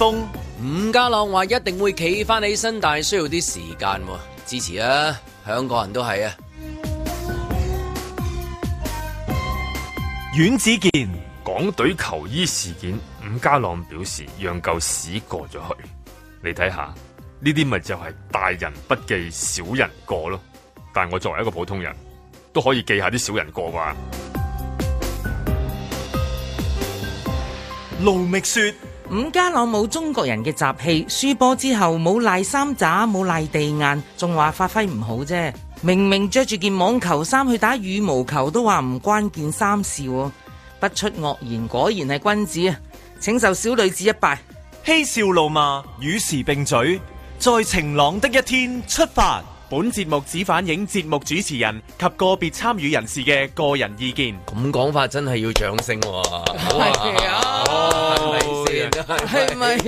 伍家朗話一定會企翻起身，但係需要啲時間。支持啊，香港人都係啊。阮子健，港隊求醫事件，伍家朗表示讓舊事過咗去。你睇下，呢啲咪就係大人不記小人過咯。但係我作為一個普通人，都可以記下啲小人過話。盧覓雪。伍家朗冇中國人嘅習氣，輸波之後冇賴衫渣，冇賴地硬，仲話發揮唔好啫。明明着住件網球衫去打羽毛球，都話唔關件衫事，不出惡言，果然係君子啊！請受小女子一拜。嬉笑怒罵，與時並舉。在晴朗的一天出發。本節目只反映節目主持人及個別參與人士嘅個人意見。咁講法真係要掌聲啊。 好啊。係咪啦？係咪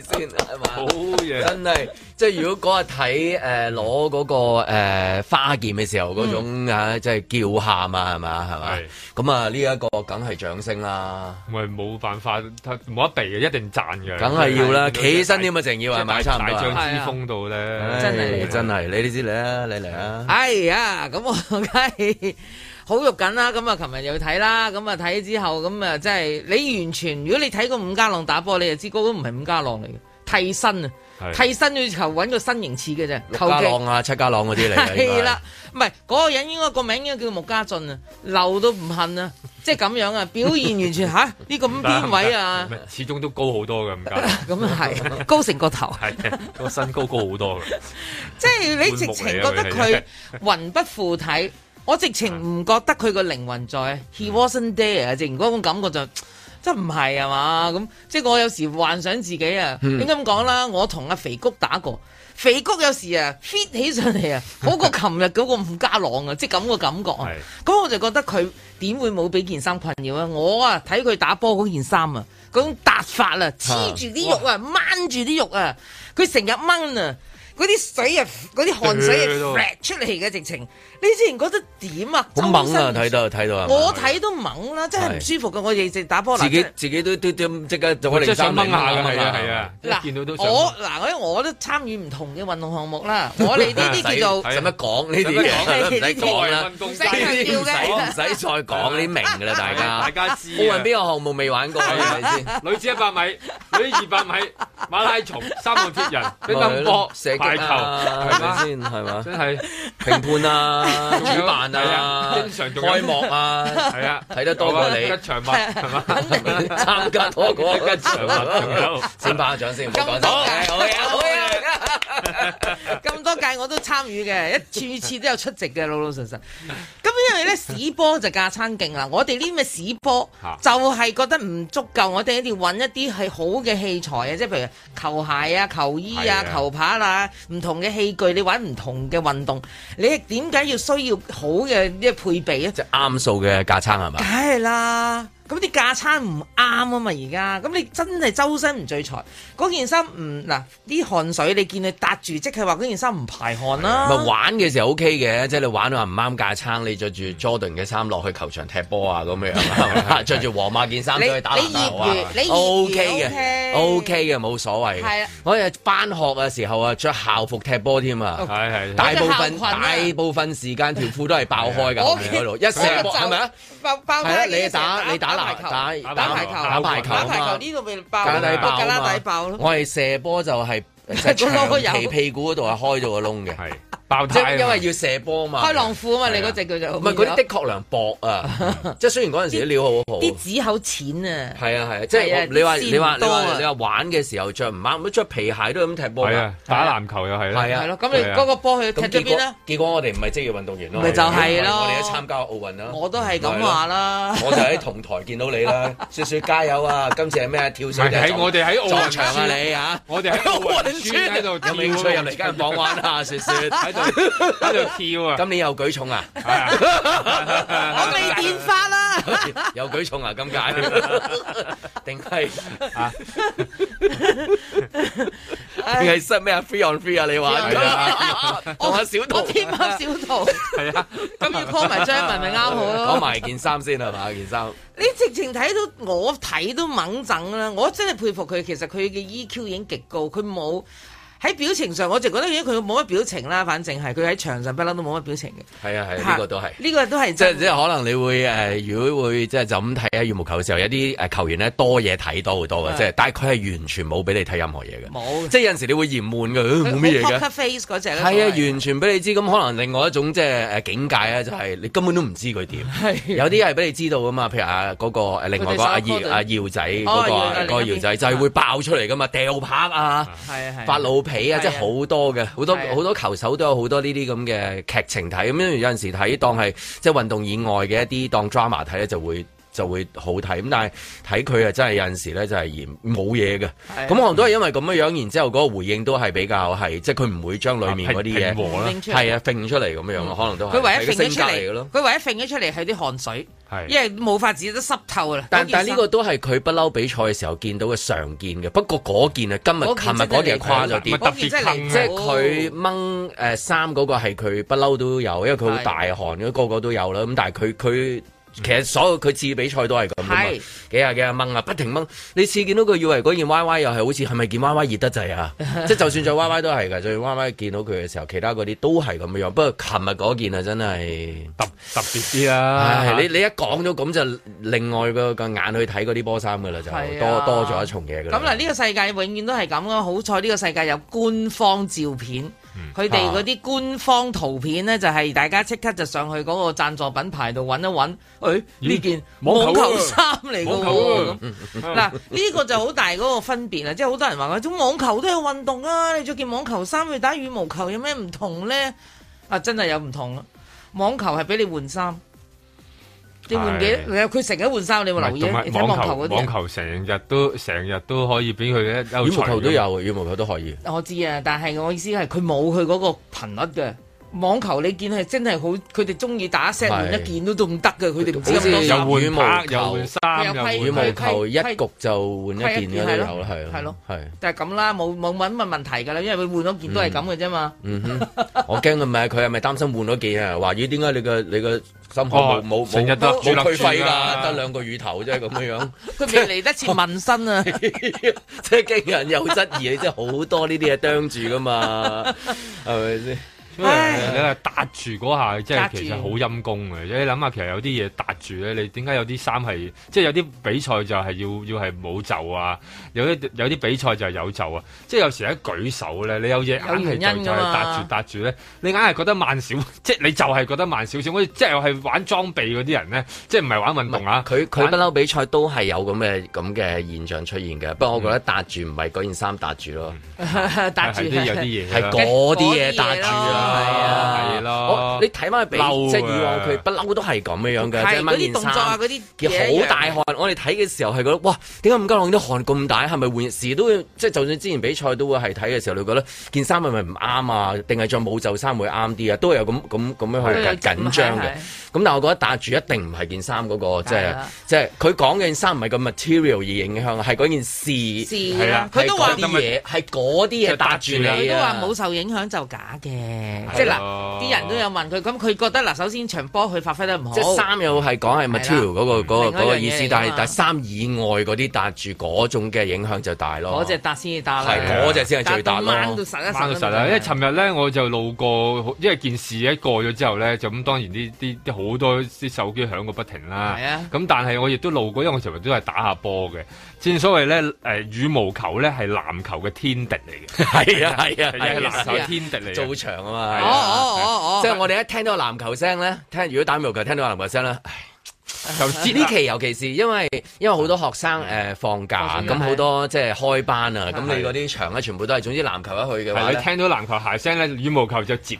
先？係咪？好嘢！真係，即係如果嗰日睇誒攞嗰個誒花劍嘅時候，嗰種即係叫喊啊，係咪？係咪？咁啊，呢一個梗係掌聲啦。唔，冇辦法，冇得避嘅，一定讚嘅。梗係要啦，企身添啊？仲要啊？買差唔多，大將之風度咧。真係真係，你嚟知你啊！你嚟啊！哎呀！咁我。梗好肉緊啦，咁啊，琴日又睇啦，咁啊睇之後，咁啊真係你完全，如果你睇過伍家朗打波，你就知嗰個唔係伍家朗嚟嘅替身啊，是替身要求搵個身形似嘅啫。六家朗啊，七家朗嗰啲嚟。係啦，唔係嗰個人應該、個名應該叫穆家俊啊，漏到唔恨啊，即係咁樣啊，表現完全吓呢、 啊這個咁邊位啊，始終都高好多㗎。唔該。咁 啊係，高成個頭，個身高高好多嘅，即係你直情覺得佢魂不附體。我直情唔覺得佢個靈魂在，he wasn't there，直情嗰種感覺就真唔係係嘛咁，即係我有時幻想自己啊，點解咁講啦？我同阿肥谷打過，肥谷有時啊 fit 起上嚟啊，好過琴日嗰個伍家朗啊，即係咁個感覺啊。咁是我就覺得佢點會冇俾件衫困擾啊？我啊睇佢打波嗰件衫啊，嗰種搭法啊，黐住啲肉啊，掹住啲肉啊，佢成日掹啊，嗰啲水啊，嗰啲汗水啊甩對出嚟嘅直情。你之前覺得點啊？好猛啊！睇到睇到，我睇都猛啦，真係唔舒服噶。我亦食打波，自己自己都都都即刻就。即係想掹下㗎，係啊係啊。嗱，我嗱我，我都參與唔同嘅運動項目啦。我哋呢啲叫做使乜講呢啲？使唔使再講？呢啲明㗎啦，大家大家知。冇人邊個項目未玩過係咪先？女子一百米、女二百米、馬拉松、三個鐵人、乒乓波、排球，係咪先係嘛？真係評判啊！主辦啊，經常做開幕啊，係啊，睇得多過你一場物係嘛，參加多過一場物。先拍下掌先，咁多屆我有，咁多屆我都參與嘅，一次次都有出席嘅，老老實實。咁因為咧，屎波就架撐勁啊！我哋呢啲咁嘅屎波就係覺得唔足夠，我哋一定要揾一啲係好嘅器材啊，即係譬如球鞋啊、球衣啊、球拍啊，唔同嘅器具，你玩唔同嘅運動，你點解要？需要好嘅一個配備啊！就啱數嘅架撐係嘛？梗係啦～咁啲架撐唔啱啊嘛而家，咁你真係周身唔聚財，嗰件衫唔嗱啲汗水，你見佢搭住，即係話嗰件衫唔排汗啦。咪玩嘅時候 O K 嘅，即係你玩到唔啱架撐，你着住 Jordan 嘅衫落去球場踢波啊咁樣着住皇馬件衫都去打波啊，O K 嘅，O K 嘅冇所謂。係啊，我哋返學嘅時候啊，着校服踢波添啊，大部分大部分時間條褲都係爆開噶，一射波係咪啊？爆爆你打你打。打打排球，打排球呢度俾爆，我係射波就係，皮屁股嗰度係開咗個窿嘅。爆胎啊！即係因為要射波啊嘛，開浪褲啊嘛，你嗰隻叫做唔係嗰啲的確良薄啊，即係雖然嗰陣時啲料好好，啲紙口淺啊，係啊係啊，即係你話你話你話你話玩嘅時候着唔啱，咁着皮鞋都咁踢波啦，打籃球又係啦，係咯，咁你嗰個波去踢咗邊啦？結果我哋唔係職業運動員咯，咪就係咯，我哋都參加奧運啦，我都係咁話啦，我就喺同台見到你啦，雪雪加油啊！今次係咩跳繩喺我哋喺奧運場啊你啊，我哋喺奧運村喺入嚟，跟住講玩啊雪雪。喺度跳啊！ 今年又舉重啊！ 我未變化啦！ 又舉重啊！咁 解？定係啊？定係 set 咩啊？Free on free 啊！你話我阿小圖添啊？小圖係啊！咁要 call 埋張文咪啱好咯講埋件衫先係嘛？件衫你直情睇到我睇都猛整啦！我真係佩服佢，其實佢嘅 EQ 已經極高，佢冇。喺表情上，我就覺得佢冇乜表情啦。反正係佢喺場上不嬲都冇乜表情嘅。係啊係啊，呢個都係呢個都係，即係可能你會誒，如果會即係就咁睇下羽毛球嘅時候，有啲球員咧多嘢睇多好多嘅，即係但係佢係完全冇俾你睇任何嘢嘅。冇即係有陣時你會嫌悶嘅，冇咩嘢嘅。Face 嗰隻係啊，完全俾你知。咁可能另外一種即係誒境界咧，就係你根本都唔知佢點。有啲係俾你知道噶嘛。譬如啊，嗰個另外個阿耀仔嗰個耀仔就係會爆出嚟噶嘛，掉拍啊，發起啊！即係好多嘅，好多好多球手都有好多呢啲咁嘅劇情睇，咁有陣時睇當係即係運動以外嘅一啲當 drama 睇咧就會。就會好睇咁，但係睇佢啊，真係有陣時咧就係嫌冇嘢嘅。咁可能都係因為咁樣，然之後嗰個回應都係比較係，即係佢唔會將裡面嗰啲嘢，係啊，揈出嚟咁樣可能都係佢唯一揈咗出嚟嘅咯。佢唯一揈咗出嚟係啲汗水，因為冇法子都濕透啦。但係呢個都係佢不嬲比賽嘅時候見到嘅常見嘅。不過嗰件啊，今日、琴日嗰件係誇咗啲，嗰件真係靚。即係佢掹誒衫嗰個係佢不嬲都有，因為佢好大汗，個個都有啦。咁但係佢佢。其實所有佢次比賽都係咁是，幾下幾下掹啊，不停掹。你次見到佢以為嗰件 Y Y 又係好似係咪件 Y Y 熱得滯啊？即係 就算再 Y Y 都係噶，再 Y Y 見到佢嘅時候，其他嗰啲都係咁嘅樣。不過琴日嗰件啊，真係特特別啲啦。你你一講咗咁就另外個個眼去睇嗰啲波衫噶啦，就多、啊、多咗一重嘢。啦。咁嗱，呢個世界永遠都係咁咯。好彩呢個世界有官方照片。佢哋嗰啲官方圖片呢，就係、係、大家即刻就上去嗰個贊助品牌度揾一揾，誒、哎、呢、嗯、件網球衫嚟嘅喎，嗱呢個就好大嗰個分別啦，即係好多人話話，網網球都係運動啊，你著件網球衫去打羽毛球有咩唔同呢？」啊，真係有唔同啦，網球係俾你換衫。你是換幾？你佢成日換衫，你有冇留意？睇有網球嗰啲，網球成些日都成日都可以俾佢嘅。羽毛球都有，羽毛球都可以。我知啊，但係我意思係佢冇佢嗰個頻率嘅。網球你見係真係好，佢哋中意打 set 換一件都仲得㗎。佢哋唔知有冇毛，又衫，又羽毛球一局就換一件嘅就有啦，係咯，係就係咁啦，冇冇搵乜問題噶啦，因為佢換咗件都係咁嘅啫嘛。我驚佢咪，佢係咪擔心換咗件啊？懷疑點解你嘅你嘅心口冇成日都好退費噶？得兩個乳頭啫咁樣樣，佢未嚟得切紋身啊！即係驚人又質疑，真係好多呢啲嘢啄住噶嘛，係咪先？因為你係搭住嗰下，即係其實好陰功嘅。著你諗下，其實有啲嘢搭住咧，你點解有啲衫係即係有啲比賽就係要要係冇袖啊？有啲有啲比賽就有袖啊！即係有時一舉手咧，你有嘢硬係就係、是啊、搭住搭住咧，你硬係覺得慢少，即係你就係覺得慢少少。好似即係玩裝備嗰啲人咧，即係唔係玩運動啊？佢佢不嬲比賽都係有咁嘅咁嘅現象出現嘅。不過我覺得搭住唔係嗰件衫搭住咯， 搭住啲嘢，係啲嘢搭住啊。係啊，係咯，你睇翻佢比即以往佢不嬲都係咁嘅樣嘅，即係嗰啲動作啊，嗰啲好大汗。我哋睇嘅時候係覺得，哇，點解張家朗啲汗咁大？係咪換？時都會即係就算之前比賽都會係睇嘅時候，你覺得件衫係咪唔啱啊？定係着冇袖衫會啱啲啊？都係咁咁咁樣去緊張嘅。咁但係我覺得打住一定唔係件衫嗰個，即係即係佢講嘅衫唔係咁 material 而影響，係嗰件事係啦。佢都話啲嘢係嗰啲嘢打住你，都話冇受影響就假嘅。即係嗱，啲、啊、人都有問佢，咁佢覺得嗱，首先場波佢發揮得唔好。即係三又係講係 material 嗰個嗰個、嗰個嗰個、意思，但係為但係三以外嗰啲搭住嗰種嘅影響就大咯。嗰隻搭先至搭啦，嗰隻先係最大咯。到冷到,十到十因為尋日咧我就路過，因為件事一過咗之後咧，就咁當然啲啲好多啲手機響個不停啦。咁、啊、但係我亦都路過，因為我尋日都係打下波嘅。正所謂咧，誒羽毛球咧係籃球嘅天敵嚟嘅，係啊係啊係籃球天敵嚟。做場啊嘛，即係我哋一聽到籃球聲咧，聽如果打羽毛球聽到籃球聲咧，呢期尤其是因為因為好多學生誒放假，咁好多即係開班啊，咁你嗰啲場咧全部都係，總之籃球一去嘅，你聽到籃球鞋聲咧，羽毛球就接，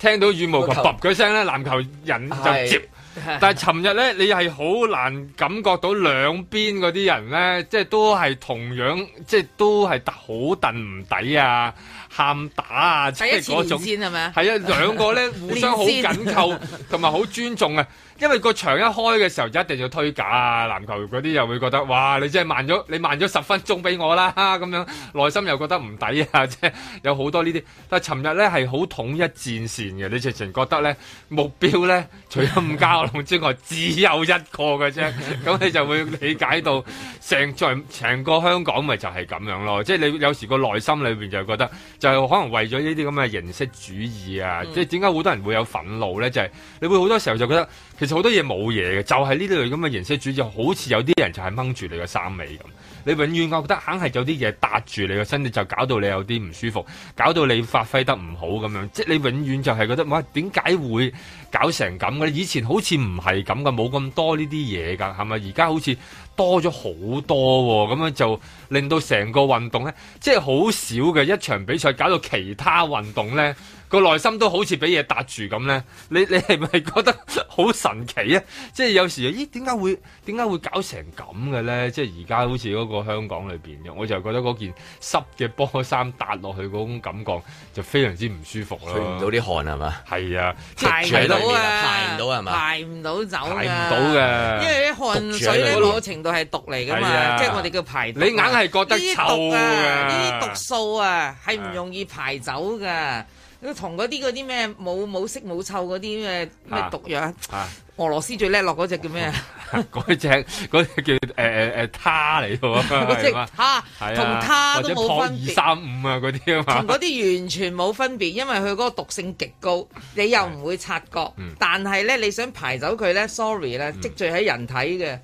聽到羽毛球噋嗰聲咧，籃球人就接。 但係尋日咧，你係好難感覺到兩邊嗰啲人咧，即係都係同樣，即係都係好憤唔抵啊，喊打啊，即係嗰種。係咪啊？係啊，兩個咧 互相好緊扣，同埋好尊重啊。因為個場一開嘅時候，就一定要推架啊！籃球嗰啲又會覺得，哇，你真係慢咗，你慢咗十分鐘俾我啦，咁樣內心又覺得唔抵啊！即係有好多呢啲。但係尋日咧係好統一戰線嘅，你直情覺得咧目標咧，除咗五加二之外，只有一個嘅啫。咁你就會理解到成在成個香港咪就係咁樣咯。即係你有時個內心裏邊就覺得，就可能為咗呢啲咁嘅形式主義啊，嗯、即係點解好多人會有憤怒咧？就係、是、你會好多時候就覺得。其實好多嘢冇嘢嘅，就係、是、呢類咁嘅形式主義，好似有啲人就係掹住你嘅衫尾咁。你永遠我覺得，肯係有啲嘢搭住你個身，就搞到你有啲唔舒服，搞到你發揮得唔好咁樣。即係你永遠就係覺得，哇，點解會搞成咁嘅？以前好似唔係咁噶，冇咁多呢啲嘢噶，係咪？而家好似多咗好多喎、哦，咁樣就令到成個運動咧，即係好少嘅一場比賽，搞到其他運動咧。個內心都好似俾嘢搭住咁咧，你你係咪覺得好神奇啊？即係有時咦點解會點解會搞成咁嘅咧？即係而家好似嗰個香港裏面，嘅，我就覺得嗰件濕嘅波衫搭落去嗰種感覺就非常之唔舒服啦。排唔到啲汗係嘛？係啊，排唔到啊，排唔到係嘛？排唔到走，排唔到嘅。因為啲汗水咧某程度係毒嚟㗎嘛，即係我哋叫排毒、啊。你硬係覺得臭啊？呢啲毒素啊，係唔容易排走㗎。同嗰啲嗰啲咩冇冇色冇臭嗰啲咩咩毒藥，啊啊、俄羅斯最叻落嗰隻叫咩啊？嗰隻嗰隻叫誒他嚟喎，嗰隻他同他都冇分別。二三五啊嗰啲啊嘛，同嗰啲完全冇分別，因為佢嗰個毒性極高，你又唔會察覺，嗯、但係咧你想排走佢咧，sorry 啦，嗯、積聚喺人體嘅，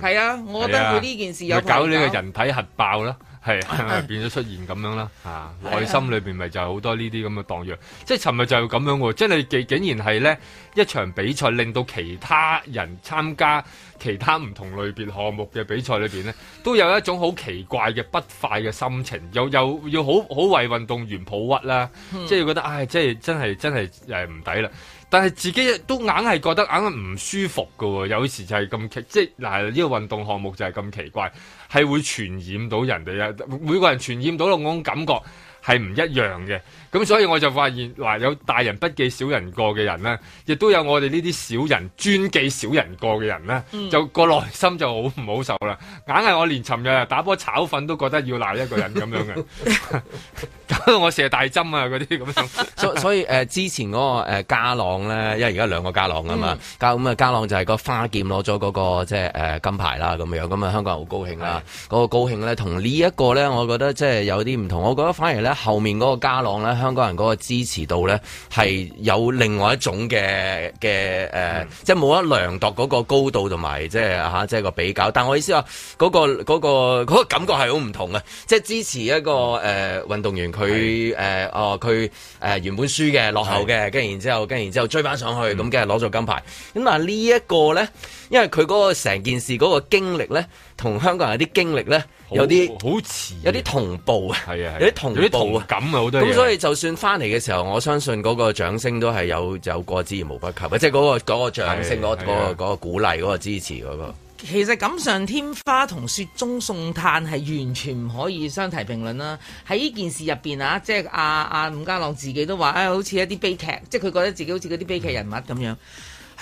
係、嗯、啊，我覺得佢呢件事有搞呢個人體核爆啦。係變咗出現咁樣啦，啊內心裏面咪就係好多呢啲咁嘅盪漾，即係尋日就係咁樣喎，即你竟竟然係咧一場比賽令到其他人參加其他唔同類別項目嘅比賽裏面咧，都有一種好奇怪嘅不快嘅心情，又又要好好為運動員抱屈啦，即係覺得唉，即係真係真係誒唔抵啦，但係自己都硬係覺得硬係唔舒服㗎喎，有時就係咁奇，即係嗱呢、啊呢個運動項目就係咁奇怪。係會傳染到人哋啊！每個人傳染到嘅嗰種感覺係唔一樣嘅。咁所以我就發現，話有大人不記小人過嘅人呢，亦都有我哋呢啲小人專記小人過嘅人呢，就個內心就好唔好受啦。硬係我連尋日打波炒粉都覺得要鬧一個人咁樣嘅， 搞到我射大針啊嗰啲咁樣 所。所所以誒、呃，之前嗰個誒家朗呢，因為而家兩個家朗啊嘛，咁啊、嗯、家朗就係個花劍攞咗嗰個即係、呃、金牌啦咁樣，咁啊香港人好高興啦。嗰是的 個高興呢，同呢一個呢，我覺得即係有啲唔同。我覺得反而呢，後面嗰個家朗呢。香港人嗰個支持度咧，係有另外一種嘅嘅誒，呃、是的 即係冇得量度嗰個高度同埋，即係嚇，即係個比較。但我意思話，嗰、嗰個嗰、嗰個嗰個、感覺係好唔同啊，即係支持一個誒、呃、運動員，佢誒哦佢誒原本輸嘅落後嘅，跟是的 然之後，跟然之後追翻上去，咁跟住攞咗金牌。咁但係呢一個咧，因為佢嗰、嗰個成件事嗰個經歷咧。同香港人有啲經歷咧，有啲好似，有啲同步啊，有啲同步啊，感啊好多嘢。咁所以就算翻嚟嘅時候，我相信嗰個掌聲都係有有過之而無不及，的即係嗰、嗰個嗰、嗰個、掌聲嗰的、嗰個的、嗰個嗰、嗰個、鼓勵嗰、嗰個支持嗰、嗰個。其實錦上添花同雪中送炭係完全唔可以相提並論啦。喺呢件事入面，啊，即係阿阿伍家朗自己都話、哎、好似一啲悲劇，即係佢覺得自己好似嗰啲悲劇人物咁樣。嗯。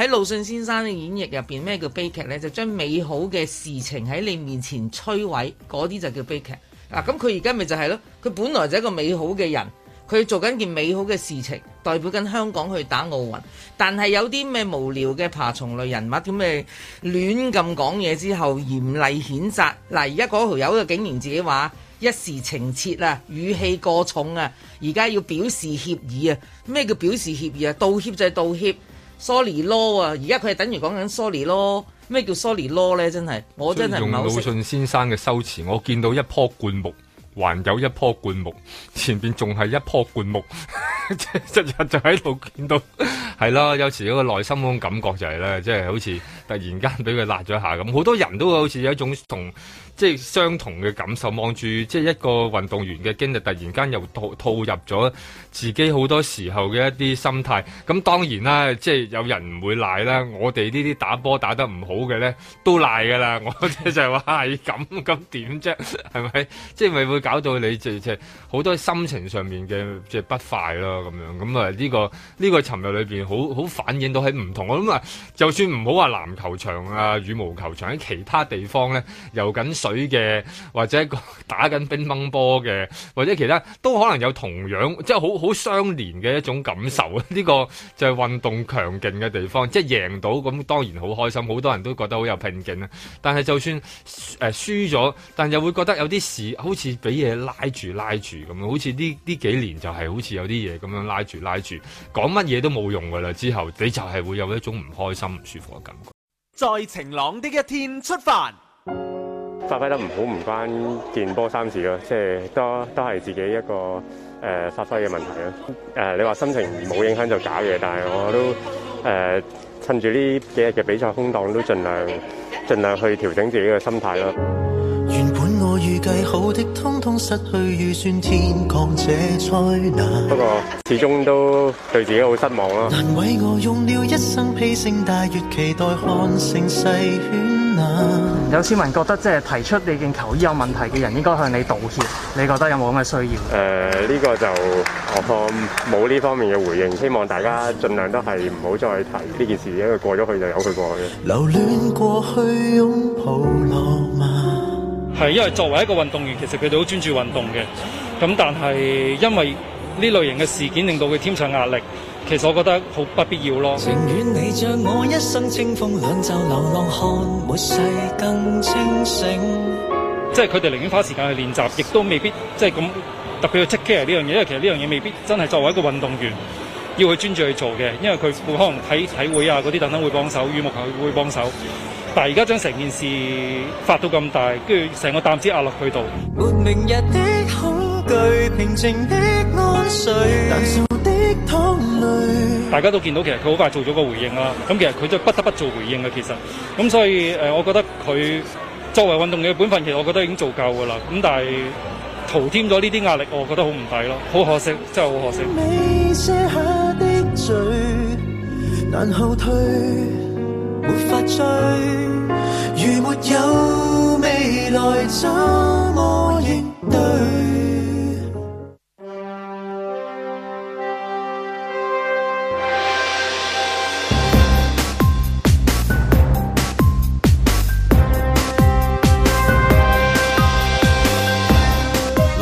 喺魯迅先生嘅演繹入邊，咩叫悲劇呢？就將美好嘅事情喺你面前摧毀，嗰啲就叫悲劇。嗱，咁佢而家咪就係咯，佢本來就係一個美好嘅人，佢做緊件美好嘅事情，代表緊香港去打奧運，但係有啲咩無聊嘅爬蟲類人物咁咪亂咁講嘢之後嚴厲譴責。嗱，而家嗰條友啊，竟然自己話一時情切啊，語氣過重啊，而家要表示歉意啊？咩叫表示歉意啊？道歉就係道歉。sorry 咯啊，而家佢係等於講緊 sorry 咯，咩叫 sorry 咯咧？真係我真係用魯迅先生嘅修辭，我見到一棵灌木，還有一棵灌木，前邊仲係一棵灌木，一日就喺度見到。係啦，有時一個內心嗰種感覺就係咧，即係好似突然間俾佢辣咗下咁。好多人都好似有一種同。即係相同嘅感受，望住即係一個運動員嘅經歷突然間又套套入咗自己好多時候嘅一啲心態，咁當然啦，即係有人唔會賴啦。我哋呢啲打波打得唔好嘅咧，都賴噶啦。我即就係話係咁，咁點啫？係咪？即係咪會搞到你即係好多心情上面嘅即係不快咯？咁樣咁啊呢個呢個尋日裏邊好好反映到喺唔同。我諗啊，就算唔好話籃球場啊、羽毛球場喺其他地方咧遊緊水。女嘅，或者一個打緊乒乓波嘅，或者其他都可能有同樣，即係好好相連嘅一種感受。呢個就係運動強勁嘅地方，即係贏到咁當然好開心，好多人都覺得好有拼勁啦，但係就算誒、呃、輸咗，但又會覺得有啲事好似俾嘢拉住拉住咁樣，好似呢呢幾年就係好似有啲嘢咁樣拉住拉住，講乜嘢都冇用噶啦。之後你就係會有一種唔開心唔舒服嘅感覺。在晴朗的一天出發。發揮得唔好，唔關健波三事咯，即係都都係自己一個誒發揮嘅問題咯、呃、你話心情冇影響就假嘢，但係我都、呃、趁住呢幾日嘅比賽空檔都盡量盡量去調整自己嘅心態咯。原本我預計好的通通失去預算，天降者災難，不過始終都對自己好失望咯。難為我用了一生披星戴月，期待看成細圈有市民覺得，即係提出你件球衣有問題嘅人應該向你道歉，你覺得有冇咁嘅需要？誒、呃，呢、這個就我方冇呢方面嘅回應，希望大家盡量都係唔好再提呢件事，因為過咗去就由佢過去嘅。留戀過去擁抱係因為作為一個運動員，其實佢哋好專注運動嘅，咁但係因為呢類型嘅事件令到佢添上壓力。其實我覺得好不必要咯。即係佢哋寧願花時間去練習，亦都未必即係咁特別要 take care 呢樣嘢。因為其實呢樣嘢未必真係作為一個運動員要去專注去做嘅。因為佢會可能睇體會啊嗰啲等等會幫手，羽毛球會幫手。但係而家將成件事發到咁大，跟住成個擔子壓落去度。大家都見到，其實佢好快做咗個回應啦。咁其實佢都不得不做回應嘅，其實。咁所以誒，我覺得佢作為運動員嘅本分，其實我覺得已經做夠噶啦。咁但係徒添咗呢啲壓力，我覺得好唔抵咯，好可惜，真係好可惜。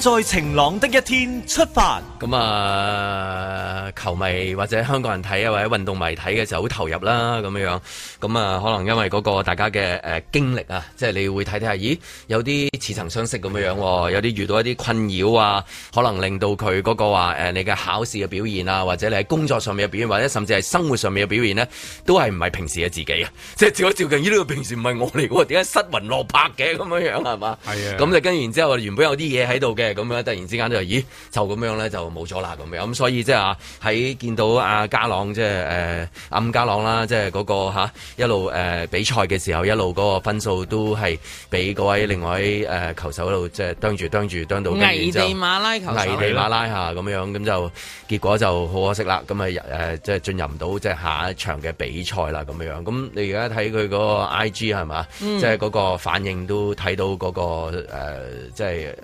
在晴朗的一天出發。咁啊，球迷或者香港人睇啊，或者運動迷睇嘅時候好投入啦，咁樣樣。咁啊，可能因為嗰個大家嘅誒、呃、經歷啊，即係你會睇睇下，咦，有啲似曾相識咁樣樣、啊，有啲遇到一啲困擾啊，可能令到佢嗰、嗰個話誒、呃，你嘅考試嘅表現啊，或者你喺工作上面嘅表現，或者甚至係生活上面嘅表現咧，都係唔係平時嘅自己啊，即係照照鏡呢度，平時唔係我嚟嘅，點解失魂落魄嘅咁樣 Yeah. 樣係嘛？係啊，咁就跟住然之後，原本有啲嘢喺度嘅。咁樣突然之間就咦就咁樣咧就冇咗啦咁樣咁所以即係啊喺見到阿加朗即係誒暗加朗啦即係嗰、那個吓、啊、一路誒比賽嘅時候一路嗰個分數都係俾嗰位另外誒球手嗰度即係當住當住當到危地馬拉球賽危地馬拉吓咁樣咁就結果就好可惜啦咁啊誒即係進入唔到即係下一場嘅比賽啦咁樣咁你而家睇佢嗰個 I G 係嘛即係嗰個反應都睇到嗰、那個誒、呃、即係。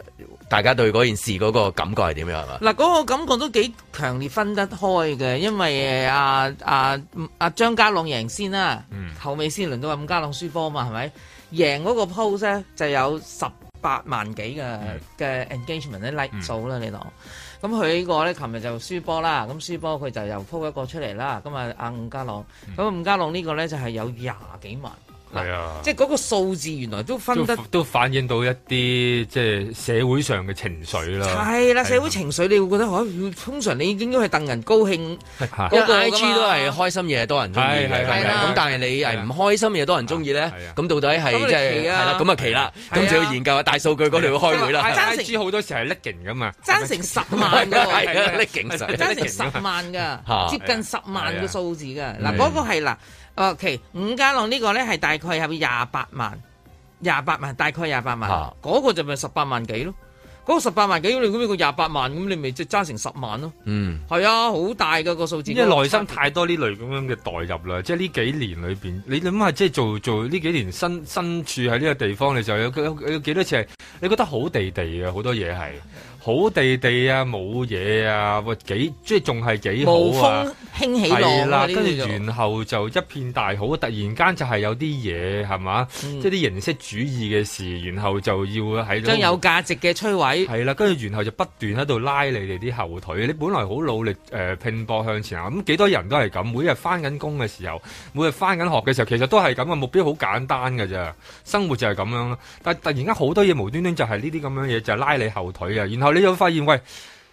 大家對嗰件事嗰個感覺係點樣係嘛？嗱，嗰個感覺都幾強烈分得開嘅，因為阿阿阿張家朗先贏先啦，後尾先輪到阿伍家朗輸波啊嘛，係咪？贏嗰個 post 咧就有十八萬幾嘅嘅 engagement 啲 like 數、嗯、啦，你講。咁佢呢個咧，琴日就輸波啦，咁輸波佢就又 po 一個出嚟啦，咁啊阿伍家朗，咁伍、嗯、家朗呢個咧就係有廿幾萬。係啊，即係嗰個數字原來都分得，都反映到一啲即係社會上嘅情緒啦。係啦，社會情緒你會覺得，嗬，通常你應該係戥人高興，嗰個 I G 都係開心嘢，多人中意，係係係。咁但係你係唔開心嘢，多人中意咧，咁到底係即係，係啦，咁啊奇啦，咁就要研究下大數據嗰度要開會啦。I G 好多時係甩勁噶嘛，爭成十萬噶，甩勁實，爭成十萬噶，接近十萬嘅數字噶，嗱嗰個係啦。Ok，五家朗呢個咧係大概係廿八萬，廿八萬大概廿八萬，嗰、啊、個就咪十八萬幾咯，嗰、那個十八萬幾，你估樣個廿八萬，那個、萬，咁你咪即係爭成十萬咯。嗯，係啊，好大噶、那個數字個。因為內心太多呢類咁樣嘅代入啦，即係呢幾年裏邊，你諗下，即係做做呢幾年新身，身處喺呢個地方，你就有有有幾多次係你覺得好地地嘅好多嘢係。好地地啊，冇嘢啊，喂，幾即係仲係幾好啊？無風、啊、興起浪、啊，啦，跟住然後就一片大好，突然間就係有啲嘢係嘛，嗯、即係啲形式主義嘅事，然後就要喺度將有價值嘅摧毀，係啦，跟住然後就不斷喺度拉你哋啲後腿。你本來好努力誒、呃、拼搏向前啊，咁、嗯、幾多人都係咁，每日翻緊工嘅時候，每日翻緊學嘅時候，其實都係咁嘅目標，好簡單嘅咋，生活就係咁樣咯。但突然間好多嘢無端端就係呢啲咁樣嘢，就係、是、拉你後腿啊。然後。你有發現喂，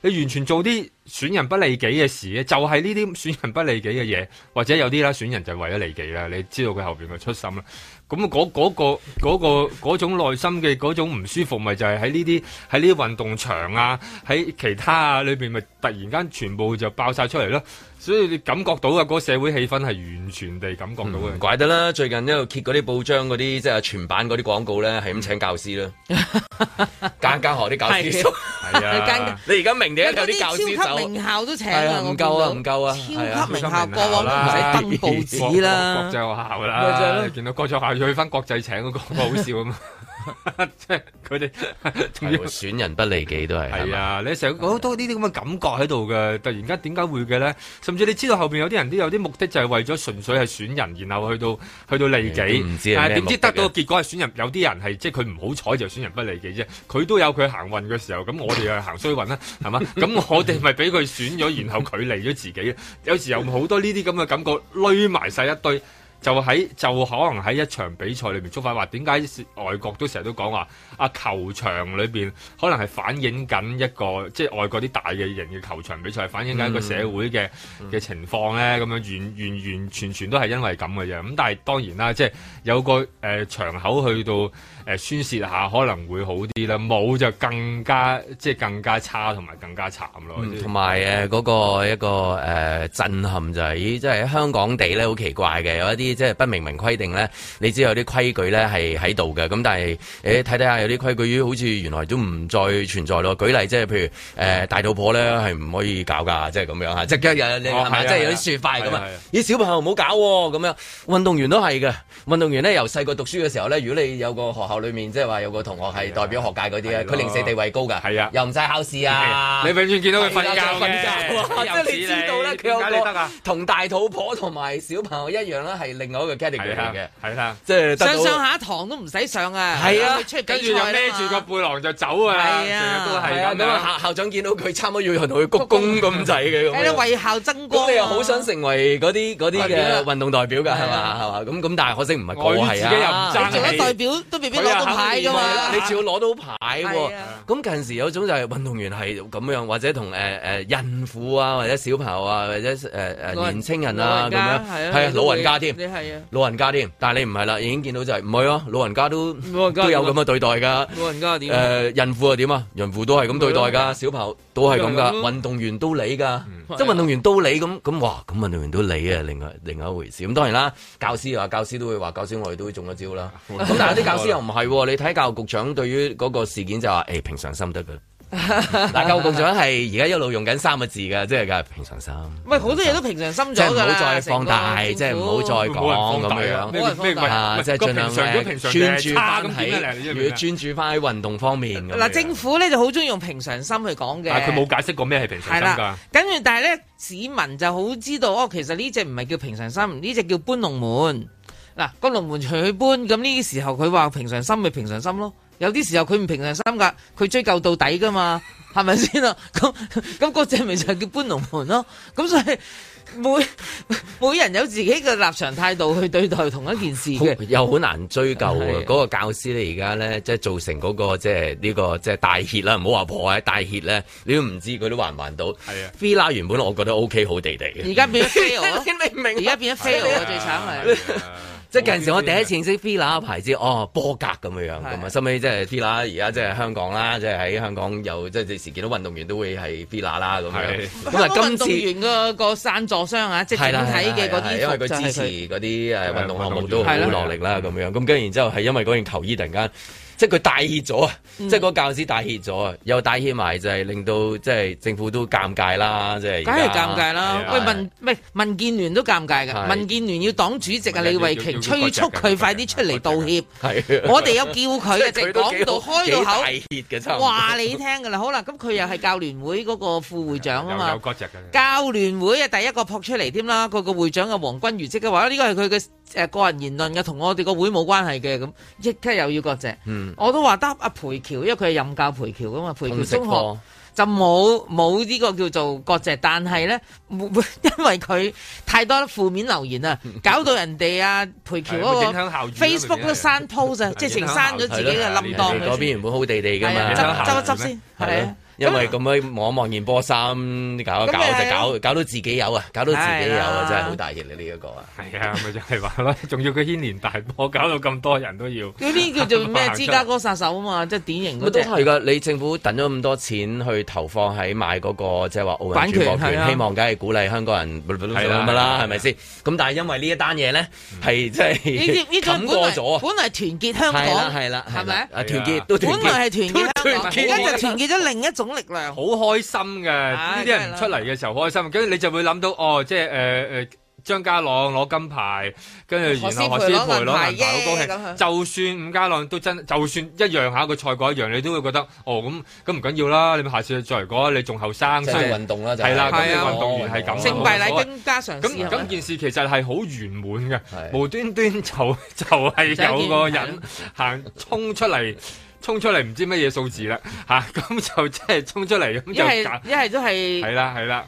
你完全做啲損人不利己嘅事，就係呢啲損人不利己嘅嘢，或者有啲啦，損人就係為咗利己啦，你知道佢後邊嘅出心啦。咁嗰、嗰個嗰、嗰個嗰種內心嘅嗰種唔舒服，咪就係喺呢啲喺呢啲運動場啊，喺其他啊裏邊，咪突然間全部就爆晒出嚟咯。所以你感覺到啊，嗰社會氣氛係完全地感覺到嘅。怪得啦，最近呢度揭嗰啲報章嗰啲即係全版嗰啲廣告咧，係咁請教師啦，間間學啲教師叔係啊。你而家明年嗰啲教師走，名校都請啊，唔夠啊，唔夠啊，超級名校過往，都唔使登報紙啦，國際學校啦，見到國際學校要去翻國際請嗰個，好笑啊嘛。即係佢哋，仲要選人不利己都係。係啊吧，吧你成日好多呢啲咁嘅感覺喺度嘅，突然間點解會嘅咧？甚至你知道後邊有啲人都有啲目的，就係為咗純粹係選人，然後去到去到利己。唔知係咩目的？啊、點知得到嘅結果係選人，有啲人係即係佢唔好彩就選人不利己啫。佢都有佢行運嘅時候，咁我哋又行衰運啦，係嘛？ 咁我哋咪俾佢選咗，然後佢利咗自己。有時又好多呢啲咁嘅感覺，累埋晒一堆。就喺就可能喺一場比賽裏面觸發，話點解外國都成日都講話啊球場裏邊可能係反映緊一個即係、就是、外國啲大嘅型嘅球場比賽反映緊一個社會嘅嘅、嗯、情況咧。咁樣完完完全全都係因為咁嘅樣。咁但係當然啦，即、就、係、是、有個誒、呃、場口去到誒、呃、宣洩下可能會好啲啦，冇就更加即係、就是、更加差同埋更加慘咯。同埋誒嗰個一個誒、呃、震撼就係、是、咦，即、就、係、是、香港地咧好奇怪嘅有一啲。即係不明文規定咧，你知有啲規矩咧係喺度嘅。咁但係誒睇睇下有啲規矩，於好似原來都唔再存在咯。舉例即係譬如誒、呃、大肚婆咧係唔可以搞㗎，即係咁樣即係有有你係咪？即係有啲説法咁啊？啲、哦、小朋友唔好搞喎、啊，咁樣運動員都係嘅。運動員呢，由細個讀書嘅時候呢，如果你有個學校裏面即係話有個同學係代表學界嗰啲咧，佢零舍地位高㗎。係啊的，又唔使考試啊！你永遠見到佢瞓覺瞓嘅，就是、覺即係你知道咧，佢有個同、啊、大肚婆同埋小朋友一樣啦，係。另外一個 category 嘅，係啦，即係上上下堂都唔使上啊，係啊，跟住就孭住個背囊就走啊，成日都係咁啊！校長見到佢差唔多要同佢鞠躬咁滯嘅咁樣，為校增光。咁你又好想成為嗰啲嗰啲嘅運動代表㗎，係嘛，係嘛？咁咁，但係可惜唔係個係啊！自己又唔爭氣，代表都未必攞到牌㗎嘛。你至少攞到牌喎。咁近時有種就係運動員係咁樣，或者同誒誒孕婦啊，或者小朋友啊，或者誒誒年青人啊咁樣，係啊，老人家添。係、就是、啊，老人家添，但係你唔係啦，已經見到就係唔係咯，老人家都都有咁嘅對待噶。老人家點？誒、呃，孕婦又點啊？孕婦都係咁對待噶，小朋友都係咁噶，運動員都理噶，嗯、即係運動員都理咁咁哇，咁運動員都理啊，另外另外一回事。咁當然啦，教師啊，教師都會話，教師我哋都會中咗招啦。咁 但係啲教師又唔係、啊，你睇教育局長對於嗰個事件就話，誒、欸，平常心得噶。嗱，局長係而家一路用緊三個字嘅，即係嘅平常心。唔係好多嘢都平常心咗㗎啦。唔好再放大，即係唔好再講咁嘅樣。啊，即係盡量專注翻喺專注翻喺運動方面。嗱，政府咧就好鍾意用平常心去講嘅。但係佢冇解釋過咩係平常心㗎。跟住，但係咧市民就好知道哦，其實呢隻唔係叫平常心，呢隻叫搬龍門。嗱，個龍門隨佢搬，咁呢啲時候佢話平常心咪平常心咯。有啲時候佢唔平衡三甲，佢追究到底㗎嘛，係咪先啊？咁咁嗰隻咪就係叫搬龍門咯。咁所以每每人有自己嘅立場態度去對待同一件事又好難追究啊！嗰的個教師咧而家咧，即係造成嗰、那個即係呢、這個即係大 h 啦，唔好話破壞大 h 呢，咧，你都唔知佢都還唔還到。係啊的，菲拉原本我覺得 O、OK, K 好地地嘅，而家變咗菲俄，你明唔明？而家變咗菲俄最慘係。即係近時，我第一次認識 fila 牌子，哦，波格咁樣樣，咁啊的，後屘即係 Fila，而家即係香港啦，即係喺香港有即係時見到運動員都會係 fila 啦咁樣。咁啊的，今次運動員個個贊助商啊，即係睇嘅嗰啲，因為佢支持嗰啲誒運動項目都好落力啦咁樣。咁跟住然之後係因為嗰件球衣突然間。即係佢大 h 咗啊，即係個教師大 h 咗啊，又大 h 埋就係令到即係政府都尷尬啦，即係梗係尷尬啦。喂，民咩？民建聯都尷尬噶，民建聯要黨主席啊李慧瓊催促佢快啲出嚟道歉，我哋有叫佢啊，一直講到開個口話你聽噶啦。好啦，咁佢又係教聯會嗰個副會長啊嘛，教聯會啊第一個撲出嚟添啦。個會長嘅黃君如即刻話：，呢個係佢嘅誒個人言論啊，同我哋個會冇關係嘅。咁即刻又要割席。我都話得阿培僑，因為佢係任教培僑㗎嘛，培僑中學就冇冇呢個叫做割蓆，但係咧，因為佢太多負面留言啊，搞到人哋啊，培僑嗰個 Facebook 都刪 post 啊，即係成刪咗自己嘅冧檔。嗰邊唔會好地地㗎嘛，執一執先，係啊。因為咁樣望一望件波衫，搞一搞就搞，搞到自己有啊，搞到自己有啊，真係好大嘅咧，呢一個啊！係啊，咪就係話仲要佢牽連大波，搞到咁多人都要嗰啲叫做咩芝加哥殺手啊嘛，即係典型。都係噶，你政府抌咗咁多錢去投放喺買嗰個，即係話奧運轉播權，希望梗係鼓勵香港人係咁啦，係咪先？咁但係因為呢一單嘢咧，係即係冚過咗啊！本嚟團結香港，係啦，係咪啊？團結都團結，團結而家就團結咗另一種。力量好開心嘅，呢啲人唔出嚟嘅時候好開心，跟住你就會諗到哦，即係誒誒張家朗攞金牌，跟住然後何詩蓓攞銀牌，好高興。就算伍家朗都真，就算一樣，下個賽果一樣，你都會覺得哦，咁咁唔緊要啦，你咪下次再嚟過，你仲後生，所以運動啦，係啦，咁啲運動員係咁。勝敗乃兵家常事。咁咁件事其實係好圓滿嘅，無端端就就係有個人行衝出嚟。衝出嚟唔知乜嘢數字啦，吓、啊、咁、嗯、就即係衝出嚟咁就一係一係都係係啦係啦，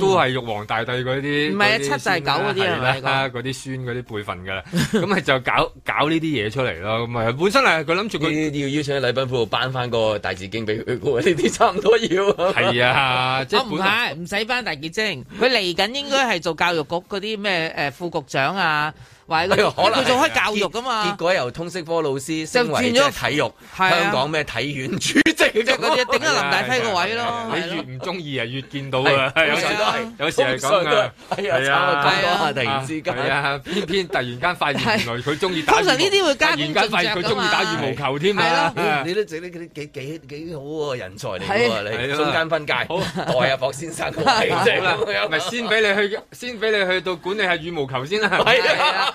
都係玉皇大帝嗰啲唔係七世九嗰啲啦，嗰啲孫嗰啲輩份噶，咁咪就搞搞呢啲嘢出嚟咯，咁咪本身係佢諗住佢要邀請禮賓府頒翻個大紫荊俾佢，呢啲差唔多要係、嗯、啊，即唔係唔使頒大紫荊，佢嚟緊應該係做教育局嗰啲咩誒副局長啊。可能佢做開教育噶嘛？結果由通識科老師，就轉咗體育。香港咩體院主席即係嗰啲頂咗林大輝個位咯。你越唔中意，啊越見到啊，有時都係，有時係咁啊，係啊，係啊，突然之間，係啊，偏偏突然間發現原來佢中意打。通常呢啲會加，突然間發現佢中意打羽毛球添啊。你都整啲幾幾幾好個人才嚟喎，中間分界。好，代阿霍先生，係咪先俾你去？先俾你去到管理下羽毛球先啦。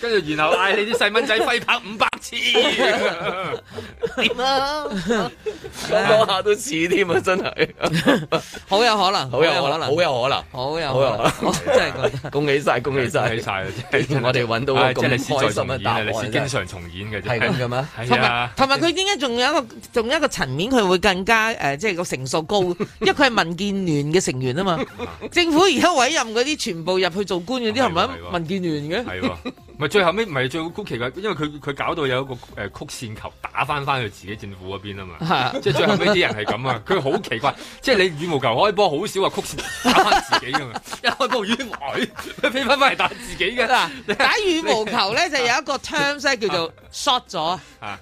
跟住，然後嗌你啲細蚊仔揮拍五百次，點啊？講講下都似添啊！真係，好有可能，好有可能，好有可能，好有可能，真係！恭喜晒！恭喜晒！恭喜晒！我哋揾到咁開心嘅答案，經常重演嘅啫，係咁嘅咩？係啊，同埋佢點解仲有一個，仲有一個層面，佢會更加誒，即係個成數高，因為佢係民建聯嘅成員啊嘛。政府而家委任嗰啲全部入去做官嗰啲，係咪民建聯嘅？係喎。咪最後尾，咪最好奇怪，因為佢佢搞到有一個曲線球打翻翻去自己政府嗰邊啊嘛，即係 最後尾啲人係咁啊！佢好 奇怪，即係你羽毛球開波好少話曲線打翻自己㗎嘛， 有一開波羽毛球飛翻翻嚟打自己㗎啦！打羽毛球咧 就有一個 terms 叫做 shot 咗。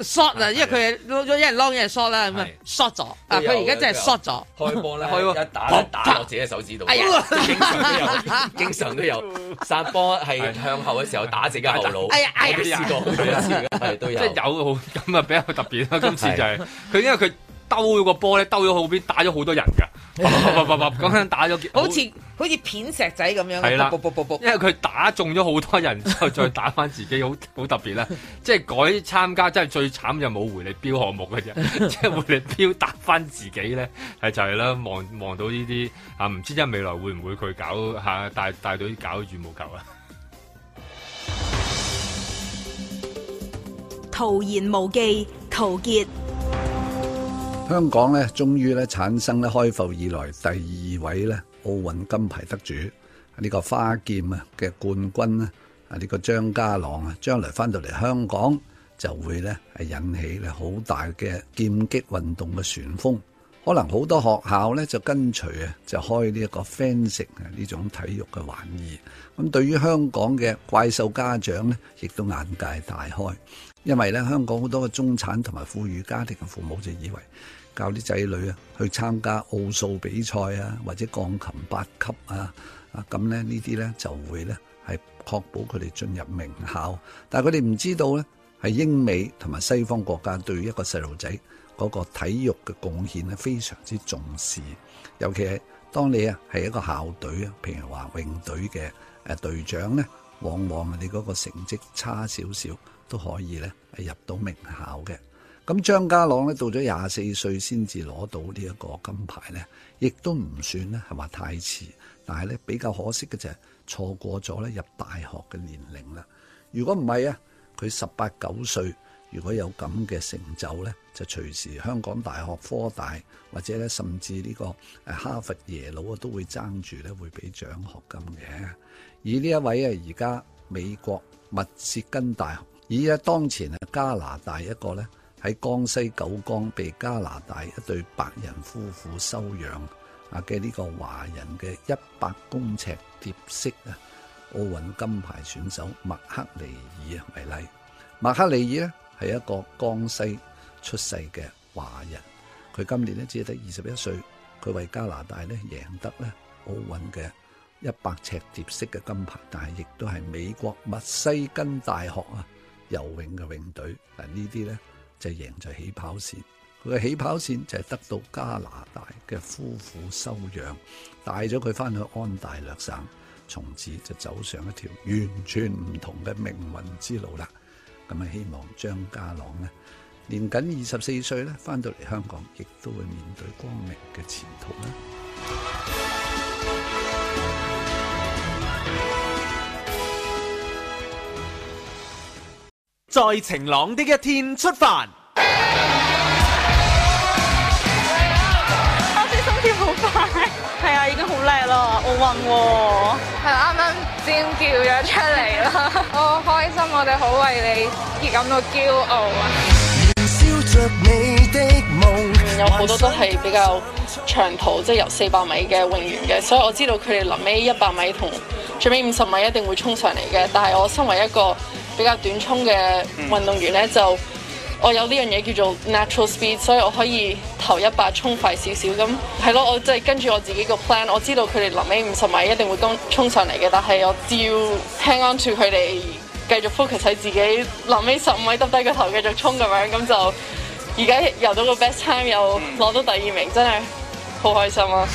s h o t 啊，因為佢攞咗，一人 long，一人 s h o t 啦，咁啊 s h o t 咗，啊佢而家真係 s h o t 咗，開波啦，開喎，一打一打落自己嘅手指度，哎呀，經常都有，殺波係向後嘅時候打自己嘅頭腦，哎呀，哎，你試過？有試過，係都有，即係有好，咁啊比較特別啦。今次就係佢，因為佢。兜咗個波咧，兜咗後邊打咗好多人噶，咁樣打咗，好似好似片石仔咁樣，係啦，因為佢打中咗好多人，之後再打翻自己，好好 特別啦。即係改參加，真係最慘就冇、是、回力鏢項目嘅啫，即係 回力鏢打翻自己咧，係就係啦。望望到呢啲啊，唔知真係未來會唔會佢搞吓帶帶隊搞羽毛球啊？陶言無忌，陶傑。香港咧，終於咧產生咧開埠以來第二位咧奧運金牌得主，呢個花劍啊嘅冠軍咧啊呢個張家朗啊，將來翻到嚟香港就會咧係引起咧好大嘅劍擊運動嘅旋風，可能好多學校咧就跟隨啊，就開呢一個 fencing 啊呢種體育嘅玩意。咁對於香港嘅怪獸家長咧，亦都眼界大開，因為咧香港好多嘅中產同埋富裕家庭嘅父母就以為，教啲仔女啊，去參加奧數比賽啊，或者鋼琴八級啊，啊咁咧呢啲咧就會咧係確保佢哋進入名校。但係佢哋唔知道咧，係英美同埋西方國家對一個細路仔嗰個體育嘅貢獻咧非常之重視。尤其係當你啊係一個校隊啊，譬如話泳隊嘅誒隊長咧，往往你嗰個成績差少少都可以咧係入到名校嘅。咁張家朗咧，到咗廿四歲先至攞到呢一個金牌咧，亦都唔算咧，係話太遲。但係咧比較可惜嘅就係錯過咗咧入大學嘅年齡啦。如果唔係啊，佢十八九歲如果有咁嘅成就咧，就隨時香港大學、科大或者咧甚至呢個誒哈佛耶魯啊，都會爭住咧會俾獎學金嘅。以呢一位啊，而家美國密切根大學，以咧當前啊加拿大一個咧。喺江西九江被加拿大一對白人夫婦收養啊嘅呢個華人嘅一百公尺蝶式啊奧運金牌選手麥克尼爾啊為例，麥克尼爾咧係一個江西出世嘅華人，佢今年咧只係得二十一歲，佢為加拿大咧贏得咧奧運嘅一百尺蝶式嘅金牌，但係亦都係美國密西根大學啊游泳嘅泳隊，嗱呢啲咧。就贏在起跑線，佢嘅起跑線就係得到加拿大嘅夫婦收養，帶咗佢翻去安大略省，從此就走上一條完全唔同嘅命運之路啦。咁啊，希望張家朗呢，年僅二十四歲呢，翻到嚟香港，亦都會面對光明嘅前途啦。在晴朗的一天出發。我先心跳好快，係、哎、啊、哎哎哎哎哎，已經好叻咯，奧運喎。係啱啱尖叫咗出嚟啦，我、哎呀哦、好開心，我哋好為你而感到驕傲。燃燒着你的夢，嗯、有好多都係比較長途，即、就、係、是、由四百米嘅泳員嘅，所以我知道佢哋臨尾一百米同最尾五十米一定會衝上嚟嘅，但係我身為一個。比較短衝嘅運動員呢，嗯、就我有呢樣嘢叫做 natural speed，所以我可以頭一百衝快少少咁，係咯，我即係跟住我自己個 plan，我知道佢哋臨尾五十米一定會衝上嚟嘅，但係我只要 hang on to 佢哋，繼續 focus 喺自己，臨尾十五米耷低個頭繼續衝咁樣，咁就而家游到個 best time 又攞到第二名，嗯、真係好開心啊！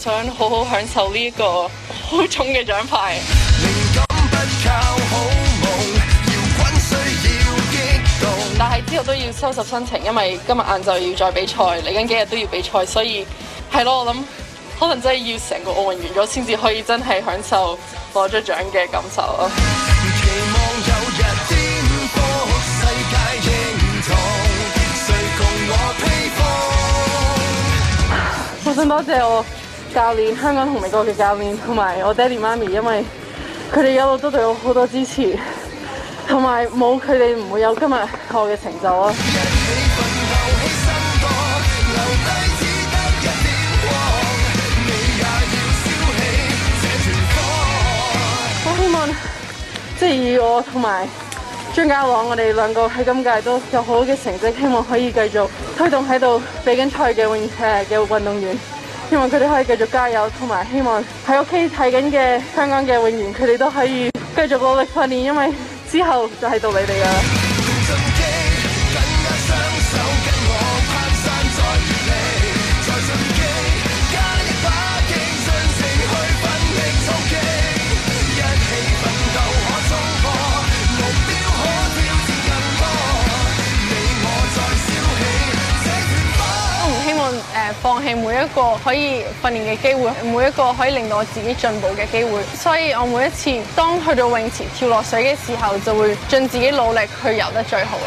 想好好享受呢個好重嘅獎牌。但係之後都要收拾心情，因為今日晏晝要再比賽，嚟緊幾日都要比賽，所以係咯，我諗可能真係要成個奧運完咗，先至可以真係享受攞咗獎嘅感受咯。期望有日世界認同，誰共我披風先多謝我。教練，香港同美國嘅教練，同埋我爹哋媽咪，因為佢哋一路都對我好多支持，同埋冇佢哋唔會有今日我嘅成就咯。我好希望，即係以我同埋張家朗，我哋兩個喺今屆都有好好嘅成績，希望可以繼續推動喺度比緊賽嘅泳池嘅運動員。希望佢哋可以繼續加油，同埋希望喺屋企睇緊嘅香港嘅泳員，佢哋都可以繼續努力訓練，因為之後就係到你哋啦。放棄每一個可以訓練嘅機會，每一個可以令到我自己進步嘅機會，所以我每一次當去到泳池跳落水嘅時候，就會盡自己努力去游得最好咯。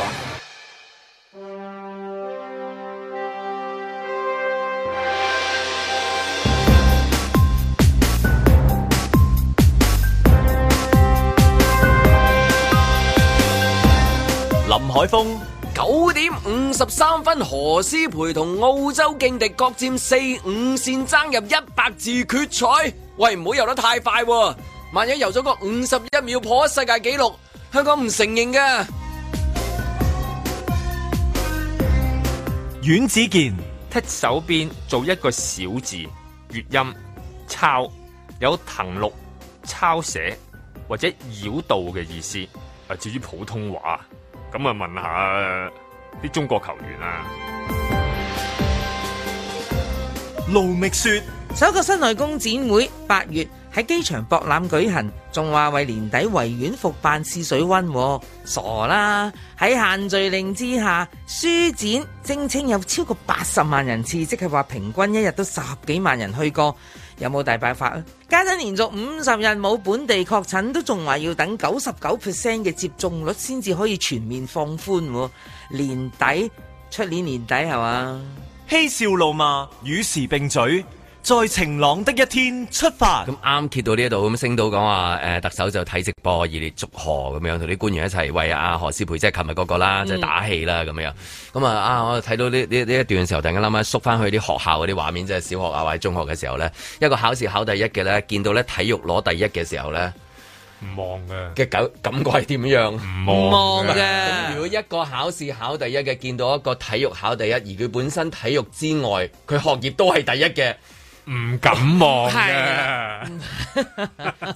林海峰。九點五十三分，何詩蓓同澳洲勁敵各佔四五線，爭入一百自決賽。喂，唔好游得太快啊，萬一游咗個五十一秒破世界紀錄，香港唔承認嘅。阮子健剔手邊做一個少字，粵音抄有謄錄、抄寫或者繞道嘅意思。啊，至於普通話。咁啊，問下啲中國球員啊！盧覓雪說，首個室內工展會八月喺機場博覽舉行，仲話為年底維園復辦試水温，傻啦！喺限聚令之下，書展證稱有超過八十萬人次，即係話平均一日都十幾萬人去過。有冇大爆發啊？家陣連續五十日冇本地確診，都仲話要等九十九 percent 嘅接種率先至可以全面放寬喎。年底、出年年底係嘛？嬉笑怒罵，與時並嘴。在晴朗的一天出發。咁啱揭到呢一度，咁升到講話，誒特首就睇直播以嚟祝賀咁樣，同啲官員一齊為阿何詩蓓即係琴日嗰個啦，即係打氣啦咁樣。咁啊啊，我睇到呢呢呢一段時候，突然間諗翻縮翻去啲學校嗰啲畫面，即係小學啊或者中學嘅時候呢，一個考試考第一嘅呢，見到呢體育攞第一嘅時候呢，唔望嘅。嘅感覺係點樣？唔望嘅。如果一個考試考第一嘅，見到一個體育考第一，而佢本身體育之外，佢學業都係第一嘅。唔敢望啊！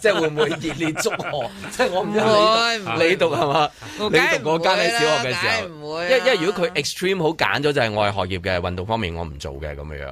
即係會唔會熱烈祝賀？即係我唔會，你讀係嘛？你讀嗰間喺小學嘅時候，因為因為如果佢 extreme 好揀咗就係我係學業嘅運動方面我唔做嘅咁樣樣，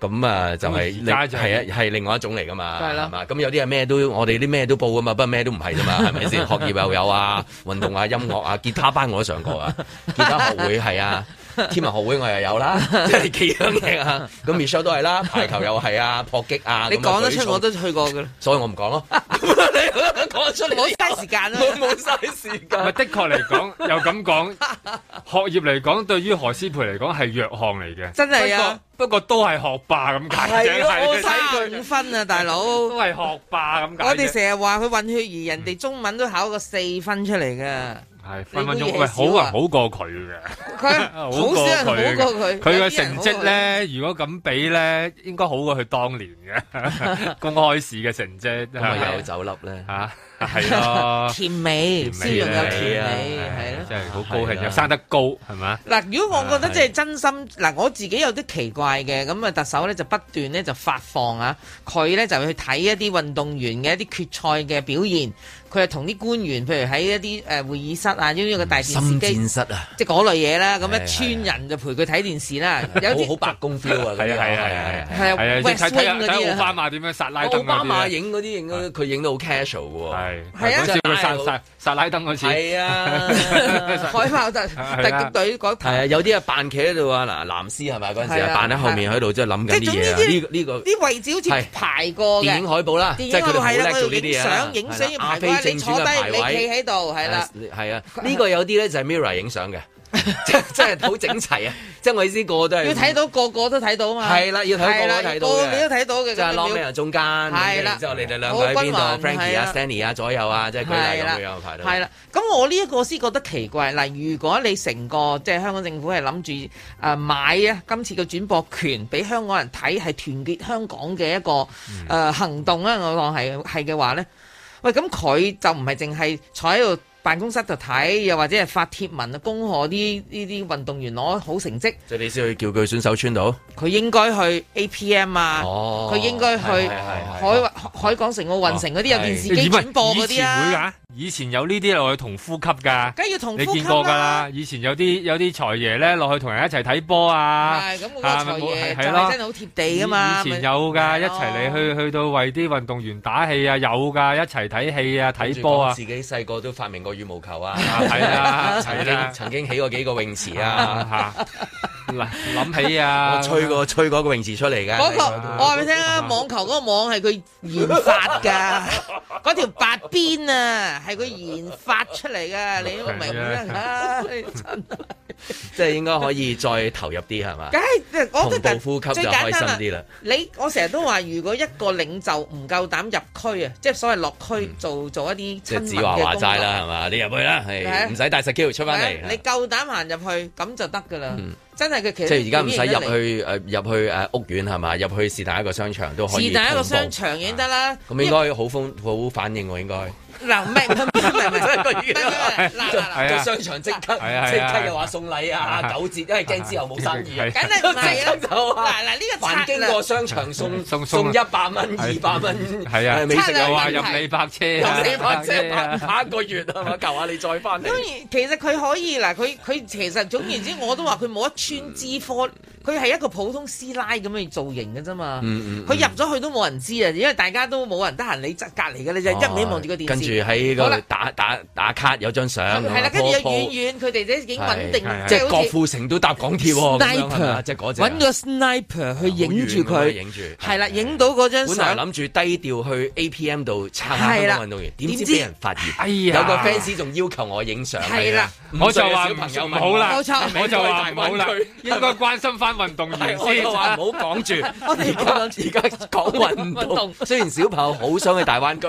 咁啊就係係啊係另外一種嚟噶嘛，係啦咁有啲係咩都我哋啲咩都報噶嘛，不過咩都唔係啫嘛，係咪先？學業又有啊，運動啊，音樂啊，吉他班我都上過啊，吉他學會係啊。天文學會我又有啦，幾樣嘢啊！咁 Michelle 都係啦，排球又係啊，搏擊啊，你講得出我都去過啦，所以我唔講咯。你講出，我嘥時間啦，我冇嘥時間。唔係的確嚟講，又咁講，學業嚟講，對於何詩蓓嚟講係弱項嚟嘅。真係啊，不過都係學霸咁解嘅，係咯，三十五分啊，大佬都係學霸咁解。我哋成日話佢混血兒，人哋中文都考個四分出嚟㗎。係分分鐘喂，好啊，好過佢嘅，好少人好過佢，佢嘅成績咧，如果咁比咧，應該好過佢當年嘅公開試嘅成績，因為有酒粒咧吓，係咯，甜美，笑容有甜美，係咯，真係好高興，又生得高，係咪啊？嗱，如果我覺得即係真心，嗱，我自己有啲奇怪嘅，咁啊，特首咧就不斷咧就發放啊，佢咧就去睇一啲運動員嘅一啲決賽嘅表現。佢係同啲官員，譬如喺一啲誒會議室啊，依樣嘅大電視機，心戰室啊，即係嗰類嘢啦。咁一村人就陪佢睇電視啦。有啲好白宮 feel 啊，嗰啲係係係係係啊！睇睇奧巴馬點樣殺拉登嗰啲啊！奧巴馬影嗰啲應該佢影到好 casual 嘅喎。係係啊！殺殺殺拉登嗰次係啊！海豹特特警隊嗰係啊！有啲啊扮企喺度啊，嗱，藍斯係咪嗰陣時啊扮喺後面喺度即係諗緊啲嘢。呢呢個啲位置好似排過嘅。電影海報啦，即係佢好叻做呢啲啊！影相影相要排。你坐低，你企喺度係啦，係啊，呢個有啲咧，就係 Mirror 影相嘅，即即係好整齊啊！即係我意思，個個都係要睇到個個都睇到啊！係啦，要睇個個睇到嘅。你都睇到嘅。就 Longman 中間係啦，之後你哋兩個喺邊度？Frankie 啊，Stanny 啊，左右啊，即係佢哋咁樣排啦。係啦，咁我呢一個先覺得奇怪。嗱，如果你成個即係香港政府係諗住誒買啊，今次嘅轉播權俾香港人睇，係團結香港嘅一個誒行動咧，我講係係嘅話咧。喂，咁佢就唔係淨係坐喺度辦公室度睇，又或者係發貼文啊，恭賀啲呢啲運動員攞好成績，即係你先去叫佢選手村度，佢應該去 APM 啊，佢、哦、應該去海海，海港城奧運城嗰啲是有電視機轉播嗰啲啊。以前有呢啲落去同呼吸噶，梗要同呼吸你見過啦。以前有啲有啲財爺咧落去同人一齊睇波啊，係咁嗰係咯，好貼地噶嘛。以前有噶，是一齊嚟的去去到為啲運動員打氣啊，有噶，一齊睇戲啊，睇波啊。自己細個都發明過羽毛球啊，係 啊，啊 曾經曾經起過幾個泳池啊。 諗起啊， 我吹過吹嗰個泳池出嚟噶，嗰、那個我話俾你聽啊，啊啊網球嗰個網係佢研發噶，嗰條白邊啊係佢研發出嚟噶，你明唔明啊？真啊！ 即係應該可以再投入啲係嘛？梗係同步呼吸就開心啲啦。你我成日都話，如果一個領袖唔夠膽入區啊，即係所謂落區做做一啲親民嘅工作啦，子華話齋啦，係嘛？你入去啦，唔使帶實 Q 出翻嚟。你夠膽行入去咁就得噶啦。真係佢其實即係而家唔使入去誒，入去誒屋苑係嘛？入去是但一個商場都可以。是但一個商場已經得啦。咁應該好豐好反應喎，應該。嗱，唔係唔係唔係，唔係一個月。嗱嗱，個商場即刻，即刻又話送禮啊，九折，因為驚之後冇生意啊，梗係唔係啦，就話嗱嗱，呢個行經過商場送送送一百蚊、二百蚊，係啊，差兩蚊係啊，又死泊車，又死泊車，打一個月啊嘛，求下你再翻嚟。當然，其實佢可以嗱，佢佢其實總言之，我都話佢冇一寸資科，佢係一個普通師奶咁嘅造型嘅啫嘛。佢入咗去都冇人知啊，因為大家都冇人得閒，你隔離嘅你就一味望住個電視。住喺個打打打卡有張相，係啦，跟住有遠遠，佢哋都已經穩定，即係郭富城都搭港鐵咁樣，即係只，搵個 sniper 去影住佢，係啦，影到嗰張相。本來諗住低調去 APM 度撐下運動員，點知俾人發現，有個 fans 仲要求我影相，係啦，我就話唔好啦，冇錯，我就話好啦，應該關心翻運動員，所以就唔好講住。而家而家講運動，雖然小朋友好想去大灣區。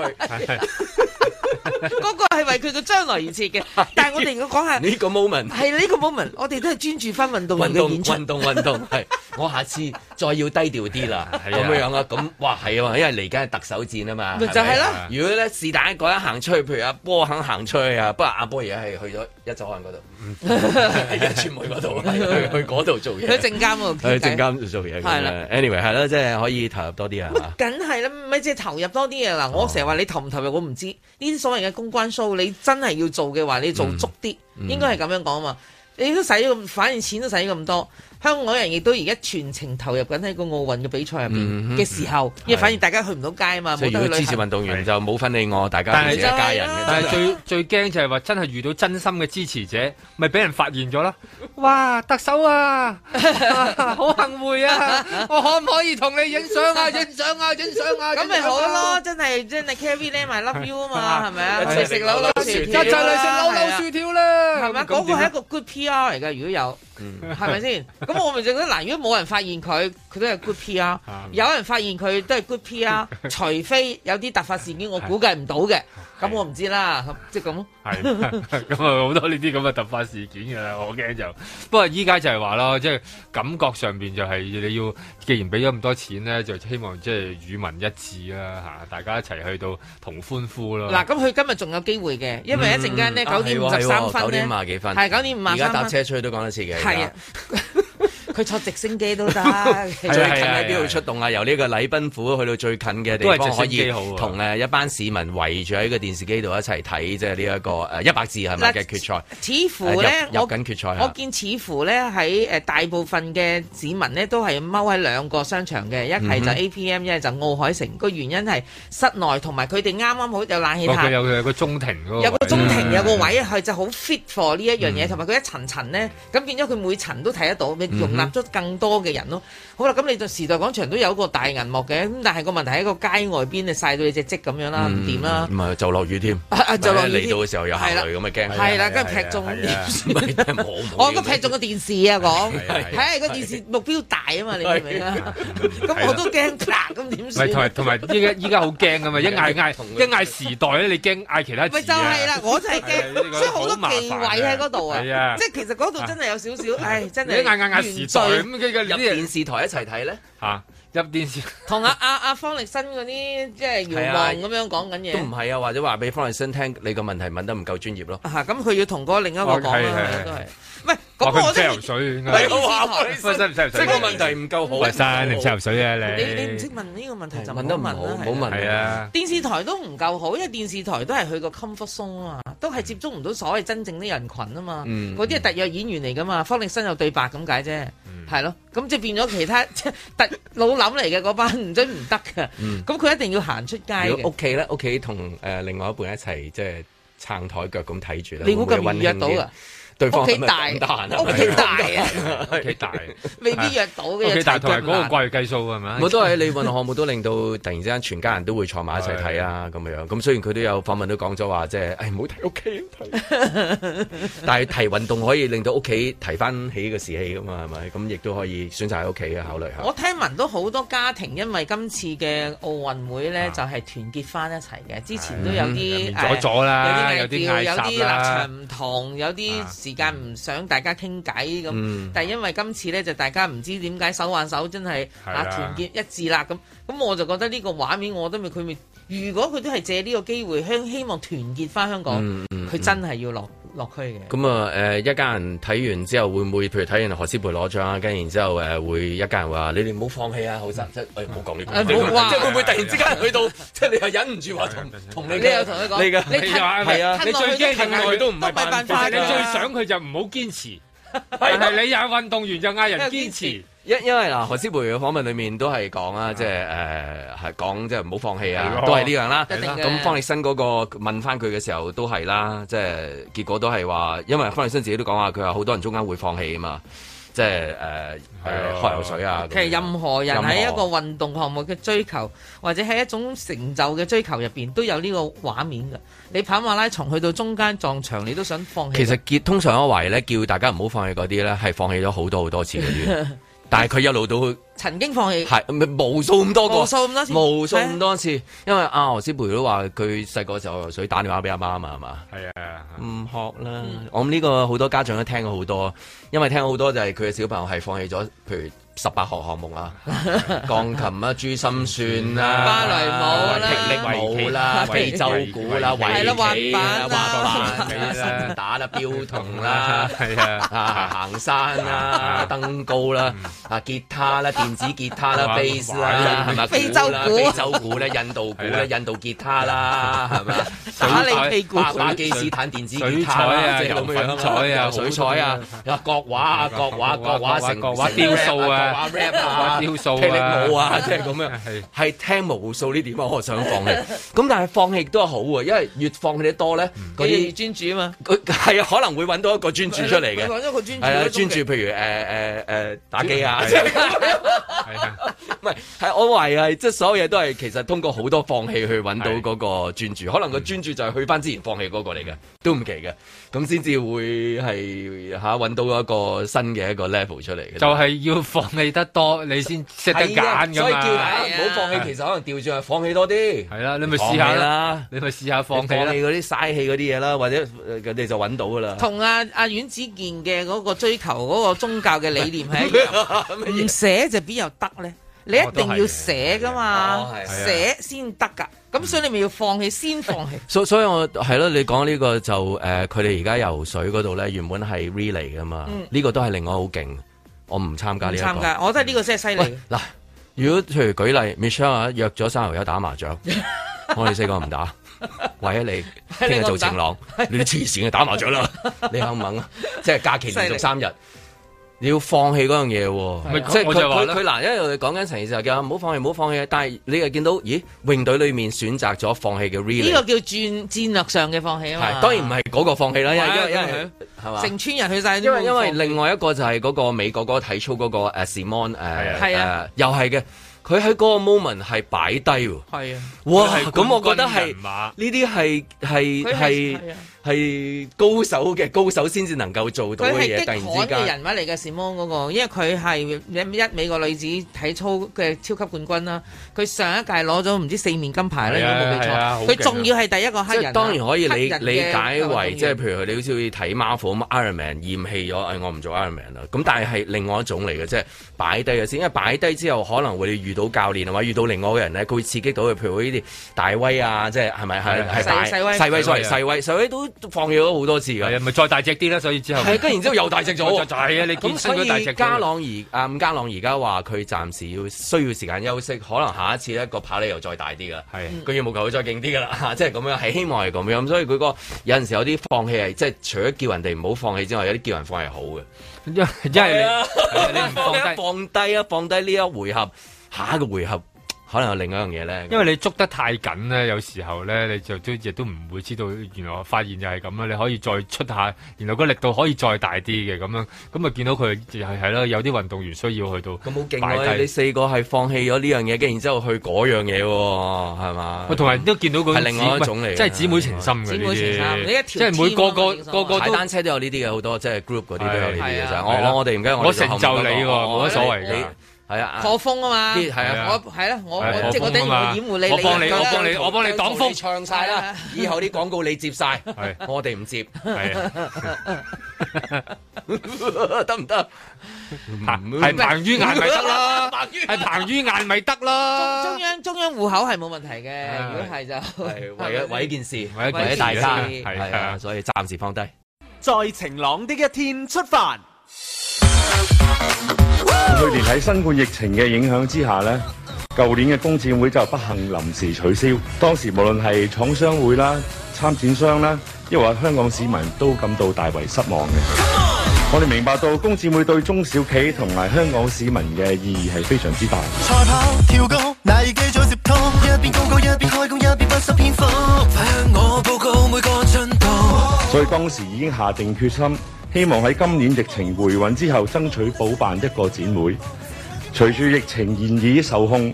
嗰 個係為佢嘅將來而設嘅，但係我哋應該講下呢 個 moment 係呢個 moment，我哋都係專注翻運動員嘅演出，運動運動運動係。我下次再要低調啲啦，咁樣啊，咁哇係啊，因為嚟緊係特首戰啊嘛，咪就係啦。如果咧是但嗰一行出去，譬如阿波肯行出去啊，不過阿波而家係去咗一組行嗰度，而家傳媒嗰度，去嗰度做嘢。喺證監嗰度，喺證監做嘢。Anyway 係啦，即係可以投入多啲啊。梗係啦，咪即係投入多啲嘢嗱。我成日話你投唔投入，我唔知。呢啲所謂嘅公關 show 你真係要做嘅話，你做足啲，應該係咁樣講啊嘛。你都使咁，反而錢都使咁多。香港人亦都而家全程投入緊喺個奧運嘅比賽入面嘅時候，因為反而大家去唔到街啊嘛，冇得旅行。所以如果支持運動員就冇分你我，大家係一家人嘅。但係最最驚就係話真係遇到真心嘅支持者，咪俾人發現咗啦！哇，特首啊，好幸會啊！我可唔可以同你影相啊？影相啊！影相啊！咁咪好咯，真係真係 Carrie Lam I love you 啊嘛，係咪啊？食榴榴薯條就就嚟食榴榴薯條啦，係咪？嗰個係一個 good PR 嚟嘅，如果有，係咪先？咁 我咪就覺得，嗱，如果冇人發現佢，佢都係 good p 啊；有人發現佢，都係 good p 啊。除非有啲突發事件，我估計唔到嘅，咁 我唔知啦。 即係咁。係，咁啊好多呢啲咁嘅突發事件嘅啦，我驚就。不過依家就係話咯，即係感覺上邊就係你要，既然俾咗咁多錢咧，就希望即係與民一致啦，嚇大家一齊去到同歡呼囉。嗱、嗯，咁佢今日仲有機會嘅，因為一陣間咧九點五十三分呢、嗯啊啊啊、9幾分，係九點五十分，而家搭車出去都講得切嘅。在 佢坐直升機都得，最近喺邊度出動啊？由呢個禮賓府去到最近嘅地方，可以同誒一班市民圍住喺個電視機度一齊睇，即係呢一個誒一百字係咪嘅決賽？似乎咧入緊決賽，我見似乎咧喺誒大部分嘅市民咧都係踎喺兩個商場嘅，一係就 APM，一係就奧海城。個原因係室內同埋佢哋啱啱好有冷氣塔，有有個中庭，有個中庭有個位佢就好 fit for 呢一樣嘢，同埋佢一層層咧，咁變咗佢每層都睇得到，咪容納。吸咗更多嘅人咯。好啦，咁你就時代廣場都有個大銀幕嘅，咁但係個問題喺個街外邊，你曬到你隻積咁樣啦，唔掂啦。唔係就落雨添，就落雨嚟到嘅時候又係啦，咁咪驚係啦，跟住劈中啲。我都劈中個電視啊，講睇下個電視目標大啊嘛，你明唔明啊？咁我都驚劈，咁點算？唔係同埋同埋依家依家好驚噶嘛，一嗌嗌一嗌時代咧，你驚嗌其他。咪就係啦，我就係驚，所以好多忌位喺嗰度啊，即係其實嗰度真係有少少，唉，真係。一嗌嗌嗌時代咁，跟住入電視台一。一齊睇咧，嚇入電視，同阿阿阿方力申嗰啲即係謠言，咁樣講緊嘢，都唔係啊，或者話俾方力申聽你個問題問得唔夠專業咯，嚇，咁佢、啊啊、要同嗰另一個講都、啊喂，話佢識游水，你冇下，方力申唔識游水，即係個問題唔夠好。方游水嘅你，你唔識問呢個問題就問得問啦，係啊，電視台都唔夠好，因為電視台都係去個 comfort zone 啊嘛，都係接觸唔到所謂真正啲人群啊嘛，嗰啲係特約演員嚟噶嘛，方力申有對白咁解啫，係咯，咁即係變咗其他特老臨嚟嘅嗰班唔准唔得噶，咁佢一定要行出街。如果屋企咧，屋企同誒另外一半一齊即係撐台腳咁睇住咧，你會咁活躍到噶？屋企大，屋企大啊！屋企大，未必約到嘅。屋企大同埋嗰個貴計數係咪？我都係你運動項目都令到突然之間全家人都會坐埋一齊睇啊咁嘅樣。咁雖然佢都有訪問都講咗話，即係誒唔好提屋企，但係提運動可以令到屋企提翻起個士氣㗎嘛係咪？咁亦都可以選擇喺屋企考慮下。我聽聞都好多家庭因為今次嘅奧運會咧，就係團結翻一齊嘅。之前都有啲，有啲有啲有啲立場唔同，有啲時間唔想大家傾偈咁，嗯、但係因為今次咧就大家唔知點解手挽手真係啊團結一致啦咁，咁我就覺得呢個畫面我都未佢未如果佢都係借呢個機會向希望團結翻香港，佢、嗯嗯、真係要落。嗯樂區嘅，咁啊誒一家人睇完之後會唔會，譬如睇完何詩蓓攞獎啊，跟住之後誒會一家人話：你哋唔好放棄啊，好唔即係，唔好講呢個，即係會唔會突然之間去到，即係你係忍唔住話同同你，你又同佢講，你嘅，你話係啊，你最驚佢都唔，都唔係辦法，你最想佢就唔好堅持。係， 是是你有運動員就嗌人堅持，因 因為嗱，何詩蓓嘅訪問裏面都係講、就是呃就是、啊，即係誒，係講即係唔好放棄啊，都係呢樣啦。咁定方力申嗰個問翻佢嘅時候都係啦，即、就、係、是、結果都係話，因為方力申自己都講話，佢話好多人中間會放棄啊嘛。即係誒誒學游水啊！其實任何人喺一個運動項目嘅追求，任何 或者係一種成就嘅追求入邊，都有呢個畫面㗎。你跑馬拉松去到中間撞牆，你都想放棄。其實，通常我懷疑咧，叫大家唔好放棄嗰啲咧，係放棄咗好多好多次嘅。 但係佢一路到去，曾經放棄，係無數咁多個，無數咁多次，無數咁多次。麼因為阿何詩蓓都話佢細個嘅時候，所以打電話俾阿媽嘛，係嘛？係啊，唔、啊、學啦、嗯。我諗呢個好多家長都聽過好多，因為聽過好多就係佢嘅小朋友係放棄咗，譬如。十八項項目啦，鋼琴啦、珠心算啦、芭蕾舞啦、霹靂舞啦、非洲鼓啦、韋奇啦、滑板啦、打啦、標同啦，係啊，啊行山啦、登高啦、啊吉他啦、電子吉他啦、bass 啊、非洲鼓、非洲鼓咧、印度鼓咧、印度吉他啦，係嘛？打你屁股！巴基斯坦電子吉他啊、油粉彩啊、水彩啊、國畫啊、國畫、國畫、國畫、國畫、雕塑啊。話 rap 啊，跳數啊，霹靂舞啊，即係咁樣，係係聽無數呢點，我想放棄。咁但係放棄都係好啊，因為越放棄得多咧，可以專注啊嘛。佢係啊，可能會揾到一個專注出嚟嘅。揾咗個專注係專注，譬如誒誒誒打機啊。係啊，唔係，係我懷疑，係即係所有嘢都係，其實通過好多放棄去揾到嗰個專注。可能個專注就係去翻之前放棄嗰個嚟嘅，都唔奇嘅。咁先至會係吓揾到一個新嘅一個 level 出嚟嘅。就係要放。棄得多，你先識得揀㗎嘛。所以叫大家，唔好放棄。的其實可能調轉，放棄多啲。係啦，你咪試下啦，你咪試下放棄啦。放棄嗰啲嘥氣嗰啲嘢啦，或者人哋就揾到㗎啦。同阿阿阮子健嘅嗰個追求嗰個宗教嘅理念係一樣。唔 麼寫就邊有得咧？你一定要寫㗎嘛，哦、寫先得㗎。咁所以你咪要放棄，先放棄。所 所以，所以我係咯，你講呢、呢個就誒，佢哋而家游水嗰度咧，原本係 relay 㗎嘛。呢、嗯、個都係令我好勁。我唔參加呢一個，我覺得呢個真係犀利。嗱，如果譬如舉例，Michelle 約咗三個友打麻將， 我哋四個唔打，為 你聽日做情郎， 你都黐線嘅打麻將啦，你肯唔肯啊？即係假期連續三日。你要放棄嗰樣嘢喎，即係佢佢難因為我哋講緊成件事，叫唔好放棄，唔好放棄。但係你又見到，咦，泳隊裏面選擇咗放棄嘅 real，呢個叫戰戰略上嘅放棄啊嘛。當然唔係嗰個放棄啦，因為因為係嘛，成村人去晒。因為因為另外一個就係嗰個美國嗰個體操嗰個 Simone 誒，又係嘅，佢喺嗰個 moment 係擺低喎。係啊，哇，咁我覺得係呢啲係係係。係高手嘅高手先至能夠做到嘅嘢。突然之間嘅人物嚟嘅，閃光嗰個，因為佢係一美國女子體操嘅超級冠軍啦。佢上一屆攞咗唔知四面金牌啦，應該冇記錯。佢仲、啊啊啊、要係第一個黑人。當然可以理解為，即係譬如你好似好似睇 Marvel 咁 Ironman 厭棄咗、哎，我唔做 Ironman 啦。咁但係另外一種嚟嘅即係擺低嘅先。因為擺低之後可能會遇到教練或者遇到另外嘅人呢，佢會刺激到佢。譬如呢啲大威啊，即係係咪係細威，細威，細威，細威，細威都細威，細威都。都放棄咗好多次㗎，係咪再大隻啲咧？所以之後係跟然之後又大隻咗，就係啊！呀你見身嗰啲大隻加、嗯。家朗而啊，伍家朗而家話佢暫時要需要時間休息，可能下一次咧個跑你又再大啲㗎，佢羽毛球會再勁啲㗎啦，即係咁樣，係希望係咁樣。所以佢個有陣時有啲放棄係即係除咗叫人哋唔好放棄之外，有啲叫人放棄好嘅， 因為你呀你唔放低 放低啊，放低呢一回合，下一個回合。可能有另一樣嘢咧，因為你捉得太緊咧，有時候咧你就都亦都唔會知道，原來發現就係咁樣。你可以再出下，原來個力度可以再大啲嘅咁樣，咁啊見到佢係係啦，有啲運動員需要去到咁好勁啊！擺低你四個係放棄咗呢樣嘢，跟然之後去嗰樣嘢喎，係嘛？同埋都見到佢係另外一種嚟，即係姊妹情深嘅。姊妹情深，即係每個個個個都踩單車都有呢啲嘅，好多即係 group 嗰啲都有呢啲嘅。我我哋唔緊要，我成就你喎，冇乜所謂嘅。係啊，破風啊嘛，我係咯，我即係我頂掩護你，你我幫你，我幫你，我幫你擋風，唱晒啦，以後啲廣告你接晒，我哋唔接，得唔得？係彭于晏咪得咯，係彭于晏咪得啦，中央中央戶口係冇問題嘅，如果係就為一為一件事，為一大事，係啊，所以暫時放低。在晴朗的一天出發。去年喺新冠疫情嘅影響之下呢，舊年嘅工展會就不幸臨時取消。當時無論係廠商會啦、參展商啦，亦或香港市民都感到大為失望嘅。Come on! 我哋明白到工展會對中小企同埋香港市民嘅意義係非常之大。跑跳高高跳接通一一一邊邊邊開工片快向我報告每個進度所以，so, 當時已經下定決心。希望喺今年疫情回穩之後，爭取補辦一個展會。隨住疫情現已受控，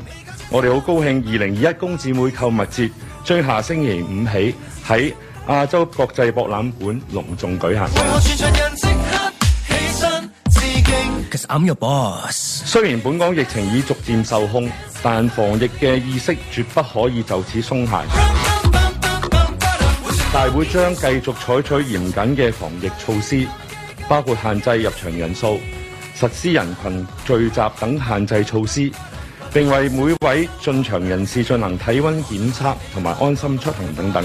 我哋好高興，二零二一工展會購物節將下星期五起喺亞洲國際博覽館隆重舉行。雖然本港疫情已逐漸受控，但防疫嘅意識絕不可以就此鬆懈。大會將繼續採取嚴謹嘅防疫措施。包括限制入場人數、實施人群聚集等限制措施，並為每位進場人士進行體溫檢測同埋安心出行等等。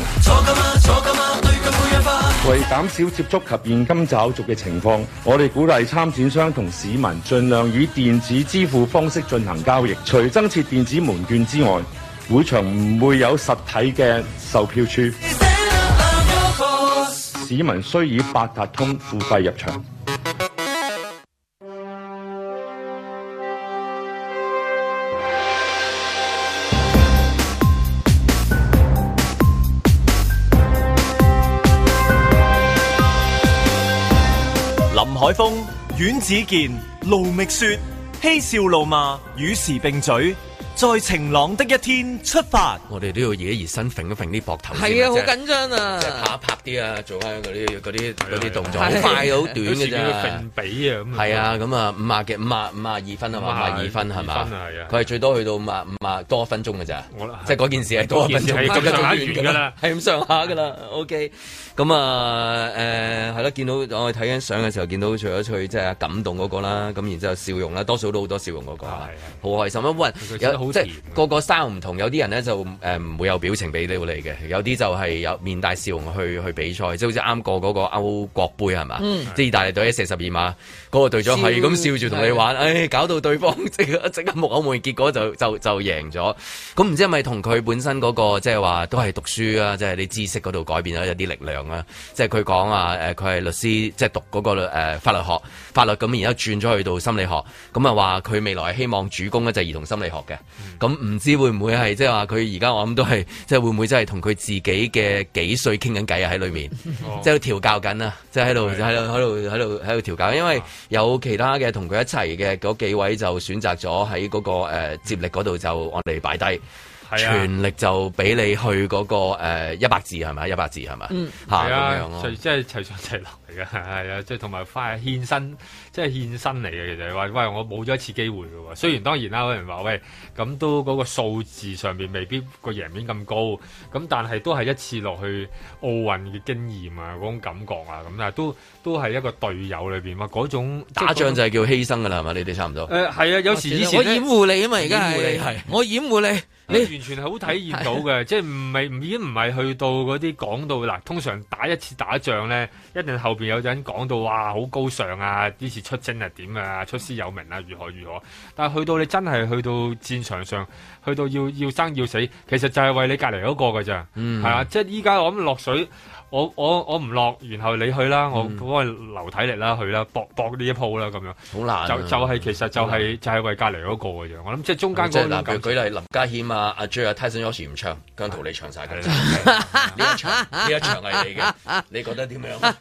為減少接觸及現金找續嘅情況，我哋鼓勵參展商同市民盡量以電子支付方式進行交易。除增設電子門券之外，會場唔會有實體嘅售票處。市民需以八達通付費入場。林海峰、阮子健、盧覓雪、嬉笑怒罵，與時並嘴。在晴朗的一天出發，我哋都要熱一熱身，揈一揈啲膊頭。係啊，好緊張啊！即係拍一拍啲啊，做下嗰啲啲啲動作。好快又好短嘅啫，比啊咁。係啊，咁啊五啊嘅五啊五啊二分啊五啊二分係嘛？佢係最多去到五啊五啊多分鐘㗎咋？即係嗰件事係多分鐘，係咁上下㗎啦。係咁上下㗎啦。OK，咁啊誒係咯，見到我哋睇緊相嘅時候，見到除咗佢即係感動嗰個啦，咁然之後笑容啦，多數都好多笑容嗰個，好開心啊！喂，有。即係個個生唔同，有啲人咧就誒唔、呃、會有表情俾到你嘅。有啲就係有面帶笑容去去比賽，即係好似啱過嗰個歐國杯係嘛？嗯、即係意大利隊射十二碼。嗰個隊長係咁笑住同你玩，唉的、哎，搞到對方即刻一陣間木偶梅，結果就就就贏咗。咁唔知係咪同佢本身嗰、那個即係話都係讀書啦，即係啲知識嗰度改變咗一啲力量啦。即係佢講啊，誒、呃，佢係律師，即、就、係、是、讀嗰、那個、呃、法律學法律咁，然之後轉咗去到心理學，咁啊話佢未來希望主攻咧就兒童心理學嘅。咁唔、嗯、知會唔會係即係話佢而家我諗都係即係會唔會真係同佢自己嘅幾歲傾緊偈啊？喺裏面即係、哦、調教緊啦，即係喺度喺度喺度喺度喺度調教，的因為。有其他嘅同佢一齊嘅嗰幾位就選擇咗喺嗰個誒、呃、接力嗰度就按嚟擺低。啊、全力就俾你去嗰、那個誒一百字係咪？一百字係咪？吓咁樣即係齊上齊落嚟嘅，係、嗯、啊，即係同埋獻獻身，即係獻身嚟嘅。其實話喂，我冇咗一次機會喎。雖然當然啦，有人話喂咁都嗰個數字上邊未必個贏面咁高，咁但係都係一次落去奧運嘅經驗啊，嗰種感覺啊，咁但都都係一個隊友裏邊嘛，嗰種、就是、種打仗就係叫犧牲噶啦，係嘛？你哋差唔多誒，係、呃、啊，有時以前我掩護你啊嘛，而家你。啊啊、我掩護你。你完全係好體驗到嘅，是的 即係唔係唔已經唔係去到嗰啲講到嗱，通常打一次打仗咧。一定後面有人講到哇，好高尚啊！呢次出征又點啊？出師有名啊？如何如何？但去到你真係去到戰場上，去到要要生要死，其實就係為你隔離嗰個㗎。咋，嗯，係啊，即係依家我諗落水，我我我唔落，然後你去啦，我我留體力啦，去啦，搏搏呢一鋪啦，咁樣。好難、啊就。就就係、係其實就係、係嗯、就係為隔離嗰個嘅啫。我諗即係中間嗰、嗯。即係例舉例，林家謙啊，阿 Jade t y 唔唱，姜濤你唱晒呢一， 一場呢 一場係你嘅，你覺得點樣？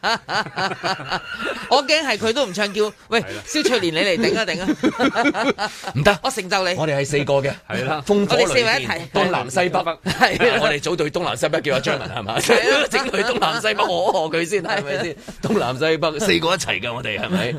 我驚係佢都唔唱叫，喂，蕭翠蓮你嚟頂一頂啊！唔得，我成就你。我哋係四個嘅，係啦，四位一齊，東南西北。我哋組隊東南西北叫阿張文係嘛？整佢去東南西北我呵佢先係咪先？東南西北四個一齊噶，我哋係咪？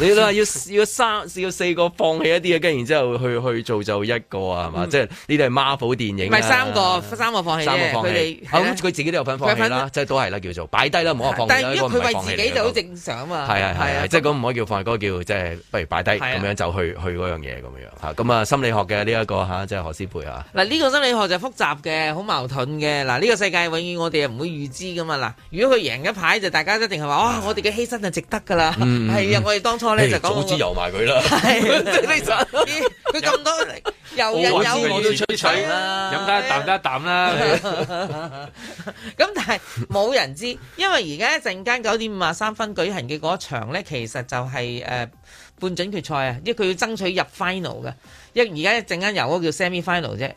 你都話要要三要四個放棄一啲嘅，跟然之後去去做就一個啊，係嘛？即係呢啲係 Marvel 電影。唔係三個，三個放棄三個放棄，佢自己都有份放棄啦，即係都係啦，叫做擺低啦，唔好話放棄。佢為自己就好正常啊嘛，係係啊，即係嗰唔可以叫放棄，嗰叫即係不如擺低，咁樣就去去嗰樣嘢咁樣，嚇咁啊心理學嘅呢一個嚇，即係何詩蓓啊。嗱呢個心理學就複雜嘅，好矛盾嘅。嗱呢個世界永遠我哋唔會預知噶嘛。嗱，如果佢贏一排，就大家一定係話，哇！我哋嘅犧牲就值得噶啦。係啊，我哋當初咧就講早知遊埋佢啦。係，真係神。佢咁多遊人，有我都吹彩啦，飲得一啖得一啖啦。咁但係冇人知，因為而家一陣間。九點五啊，三分舉行嘅嗰場咧，其實就係誒半準決賽啊，因為佢要爭取入 final 嘅。因為而家一陣間有嗰個叫 semi final 啫。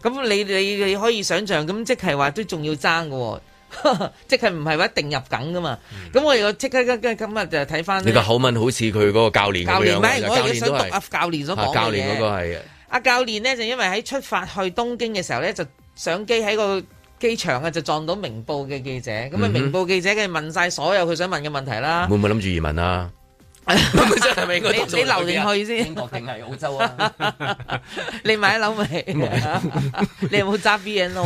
咁你你你可以想象，咁即係話都仲要爭嘅，即係唔係話一定入緊噶嘛？咁我又即刻跟跟咁啊，就睇翻。呢個口吻好似佢嗰個教練，教練唔係，我要想讀阿教練所講嘅嘢。教練嗰個係啊。阿教練咧就因為喺出發去東京嘅時候咧，就相機喺個。機場啊，就撞到明報嘅記者，咁啊明報記者梗係問晒所有佢想問嘅問題啦。會唔會諗住移民啊？你你留定去先？英國定係澳洲啊？ 你買樓未？ 你有冇揸 BNO？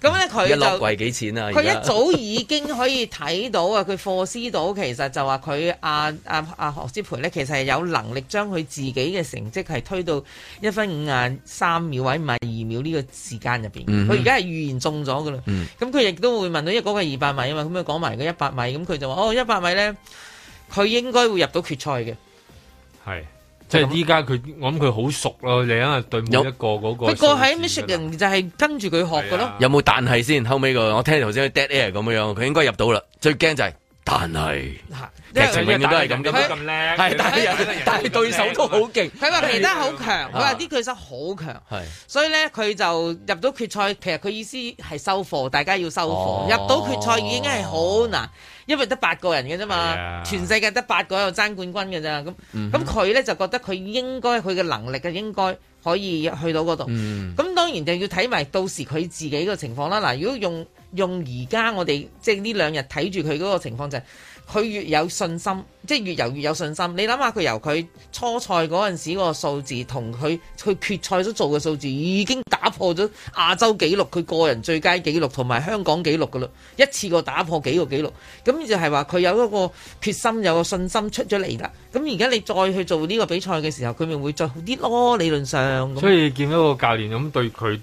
咁咧佢就一落櫃幾錢啊？佢一早已經可以睇到啊！佢 f o 到其實就話佢阿阿阿何詩培咧，其實係有能力將佢自己嘅成績係推到一分五眼、三秒或者二秒呢個時間入邊。佢而家係預言中咗噶啦。咁佢亦都會問到，因為嗰個二百米啊嘛，咁佢講埋個一百米，咁佢就話哦，一百米咧。佢應該會入到決賽嘅，係即係依家佢，我諗佢好熟咯。你因為對每一個嗰個不過係 Michigan 就係跟住佢學嘅咯。有冇但係先？後尾個我聽頭先 Dead Air 咁樣，佢應該入到啦。最驚就係但係劇情永遠都係咁噶嘛，係但係但係對手都好勁。佢話皮德好強，佢話啲對手好強，係所以咧佢就入到決賽。其實佢意思係收貨，大家要收貨。入到決賽已經係好難。因為得八個人嘅啫嘛，Yeah. 全世界得八個有爭冠軍嘅咋，咁咁佢呢，就覺得佢應該佢嘅能力嘅應該可以去到嗰度，咁、mm hmm. 當然就要睇埋到時佢自己個情況啦。嗱，如果用用而家我哋即係呢兩日睇住佢嗰個情況就係。佢越有信心，即係越游越有信心。你諗下佢由佢初賽嗰陣時個數字，同佢去決賽所做嘅數字，已經打破咗亞洲紀錄、佢個人最佳紀錄同埋香港紀錄噶啦，一次過打破幾個紀錄。咁就係話佢有一個決心，有個信心出咗嚟啦。咁而家你再去做呢個比賽嘅時候，佢咪會再好啲咯？理論上，所以見到個教練咁對佢。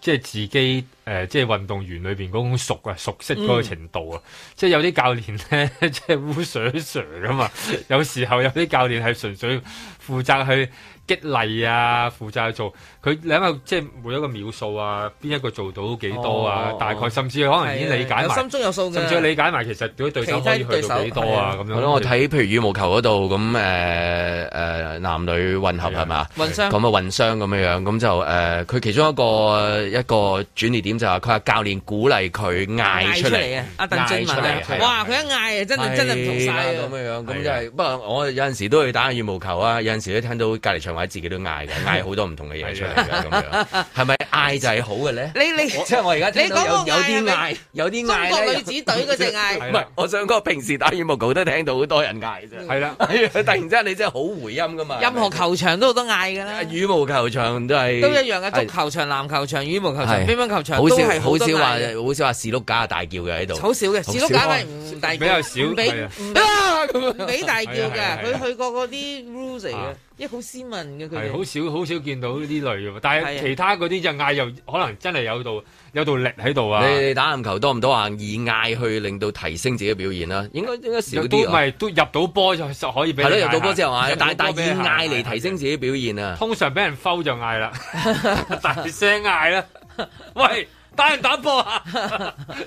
即係自己誒、呃，即係運動員裏邊嗰種熟啊，熟悉嗰個程度啊、嗯，即係有啲教練咧，即係烏 Sir Sir 噶嘛，有時候有啲教練係純粹負責去。激勵啊，負責做佢，因為即係每一個秒數啊，邊一個做到幾多啊？大概甚至可能已經理解埋，心中有數嘅。甚至理解埋，其實對手對手可以去到幾多啊？咁樣。我睇譬如羽毛球嗰度咁誒誒男女混合係咪？混雙咁啊，混雙咁樣樣咁就誒，佢其中一個一個轉捩點就係佢話教練鼓勵佢嗌出嚟啊！啊，鄧俊文啊，哇！佢一嗌啊，真係真係唔同晒。咁樣樣咁就係，不過我有陣時都會打下羽毛球啊，有陣時都聽到隔離場。或自己都嗌嘅，嗌好多唔同嘅嘢出嚟嘅咁樣，係咪嗌就係好嘅咧？你你即係我而家聽到有啲嗌，有啲嗌中國女子隊嗰隻嗌，唔係。我想講平時打羽毛球都聽到好多人嗌嘅，係啦。突然之間你真係好回音噶嘛？任何球場都好多嗌噶啦。羽毛球場都係都一樣嘅，足球場、籃球場、羽毛球場、乒乓球場係好少話，好少話，士碌架大叫嘅喺度。好少嘅士碌架係唔大叫，唔俾唔俾大叫嘅。佢去過嗰啲 rules 嚟嘅。因為好斯文嘅佢，係好少好少見到呢啲類嘅，但係其他嗰啲就嗌又可能真係有度有度力喺度啊！你打籃球多唔多啊？以嗌去令到提升自己表現啦、啊，應該應該少啲、啊。都唔係都入到波就可以俾。係入到波之後、啊、但係但以嗌嚟提升自己表現啊。通常俾人 foul 就嗌啦， 大聲嗌啦，喂！ 打人打波啊！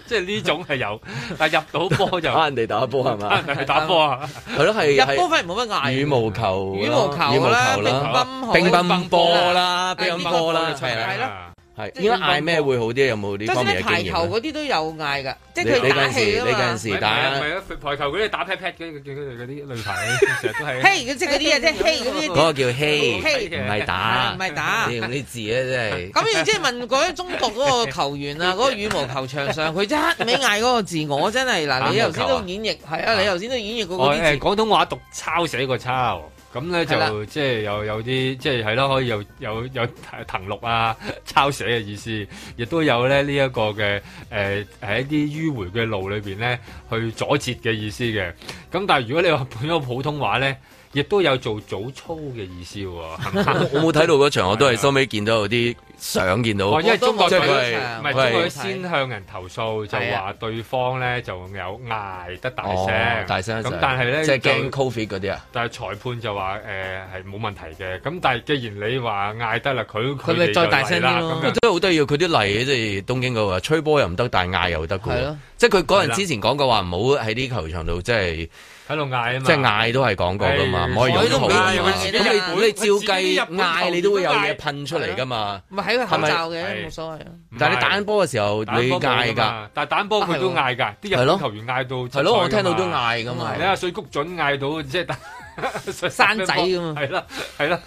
即係呢種係有，但係入到波就。揾人哋打波係嘛？揾人哋打波啊！係咯，係入波反而冇乜嗌嘅。羽毛球、羽毛球啦、乒乓、乒乓波啦、乒乓波啦，齊啦。係，應該嗌咩會好啲？有冇呢方面？排球嗰啲都有嗌嘅，即係佢打氣啊嘛。排球嗰啲打 pat pat 嗰啲類型成日都係。嘿，即係嗰啲即係嗰啲。嗰個叫嘿，嘿，唔係打，唔係打。你用啲字咧真係。咁你即係問嗰啲中國嗰個球員啊，嗰個羽毛球場上佢真係咪嗌嗰個字？我真係嗱，你頭先都演繹係啊，你頭先都演繹嗰個字。誒，廣東話讀抄寫個抄。咁咧就即係又有啲即係係咯，可以有有有謄錄啊、抄寫嘅意思，亦都有咧呢、這個呃、一個嘅喺一啲迂迴嘅路裏面咧，去阻截嘅意思嘅。咁但係如果你話本咗普通話咧，亦都有做早操嘅意思喎。 我冇睇到嗰場，我都係收尾見到嗰啲。想見到，因為中國佢唔係佢先向人投訴，就話對方咧就有嗌得大聲，大聲咁。但係咧，即係驚 Covid 嗰啲啊。但係裁判就話誒係冇問題嘅。咁但係既然你話嗌得啦，佢佢咪再大聲啲咯？咁真係好得意佢啲例，即係東京嗰個吹波又唔得，但係嗌又得嘅即係佢個人之前講過話唔好喺啲球場度即係。喺度嗌啊嘛，即係嗌都係講過噶嘛，唔可以如何？咁你咁你照計嗌，你都會有嘢噴出嚟噶嘛。咪喺個口罩嘅，冇所謂。但係你打波嘅時候，你嗌噶。但係打波佢都嗌噶，啲日本球員嗌到。係咯，我聽到都嗌噶嘛。你阿水谷准嗌到即係生仔啊嘛？係啦，係啦。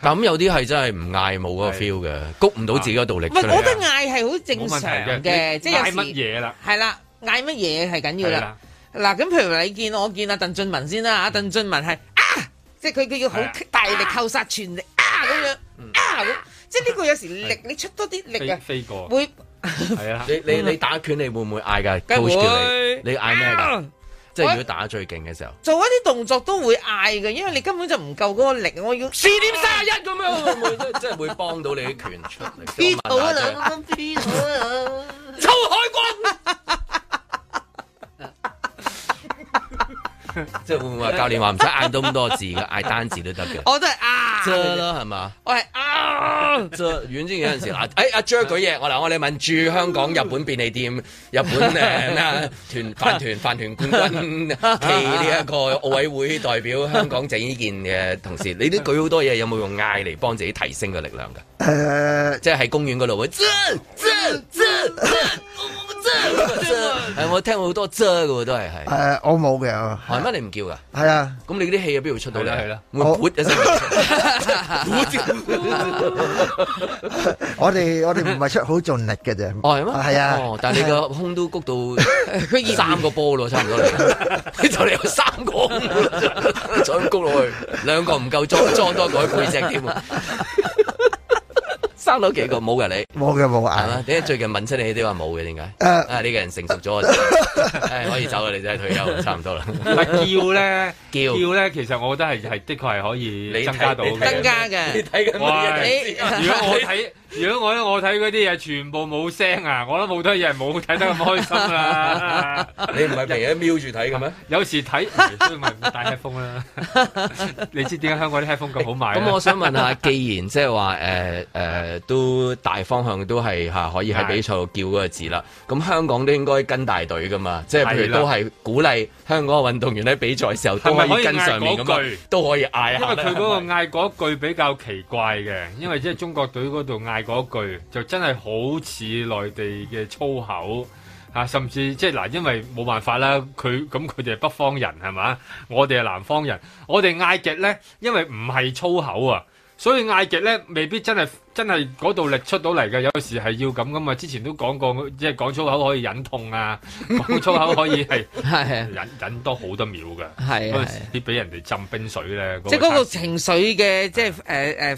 但係咁有啲係真係唔嗌，冇嗰個 feel 嘅，谷唔到自己個動力。唔係，我覺得嗌係好正常嘅，即係嗌乜嘢啦，係啦，嗌乜嘢係緊要啦。嗱，咁譬如你見我見阿鄧俊文先啦，啊，鄧俊文係啊，即係佢佢要好大力扣殺，全力啊咁樣。啊即係呢個有時力你出多啲力啊，會係啊，你你你打拳你會唔會嗌㗎？會，你嗌咩㗎？即係如果打最勁嘅時候，做一啲動作都會嗌嘅，因為你根本就唔夠嗰個力，我要四點三十一咁樣，會唔會即係即係會幫到你啲拳出力？變左啦，臭海軍！即係會唔會話教練話唔使嗌到咁多字嘅，嗌單字都得嘅、啊。我係啊，Jo 咯係嘛？我係啊 Jo。遠有陣時，誒，阿 Jo 舉舉嘢，我嗱我哋問住香港日本便利店日本誒啦團飯團飯團冠軍暨呢一個奧委會代表香港整呢件嘅同事你都舉好多嘢，有冇用嗌嚟幫自己提升嘅力量噶？Uh, 即係喺公園嗰度，會 啫，係 我聽好多啫嘅都係係、uh,，我冇嘅，係乜你唔叫噶？係啊，咁 你啲戲 有邊度出到咧？係啦，我我我哋我哋唔係出好盡力嘅啫，係啊，但係你個胸都谷到佢二三個波咯，差唔多，佢就嚟有三個再谷落去，兩個唔夠裝裝多一個背脊添。 生到幾個冇噶你，冇嘅冇啊，點解最近問親你都話冇嘅？點解？誒，呢個人成熟咗，我可以走啦，你真係退休差唔多啦。叫咧，叫咧，其實我覺得係係的確係可以你增加到嘅，增加嘅。你睇，如果我睇。如果我我睇嗰啲嘢全部冇聲啊，我都冇多嘢，冇睇得咁開心啦。 你唔係成日瞄住睇嘅咩？ 有時睇都唔係唔戴 headphone 啦。你知點解香港啲 headphone 咁好賣？咁、欸、我想問下，既然即係話誒誒都大方向都係嚇可以喺比賽度叫嗰個字啦，咁的香港都應該跟大隊噶嘛？即、就、係、是、譬如都係鼓勵香港嘅運動員咧，比賽的時候的都可以跟上面咁啊，是是可句都可以嗌下。因為佢嗰個嗌嗰句比較奇怪嘅， 因為即係中國隊嗰度嗌。嗰句就真係好似內地嘅粗口啊，甚至即係嗱，因為冇辦法啦，佢咁佢哋係北方人係嘛，我哋係南方人，我哋嗌極呢，因為唔係粗口啊，所以嗌極呢，未必真係。真係嗰度力出到嚟㗎，有時係要咁㗎嘛。之前都講過，即係講粗口可以忍痛呀，講粗口可以係忍忍多好多秒㗎。係嗰陣時俾人哋浸冰水咧。即係嗰個情緒嘅，即係誒誒誒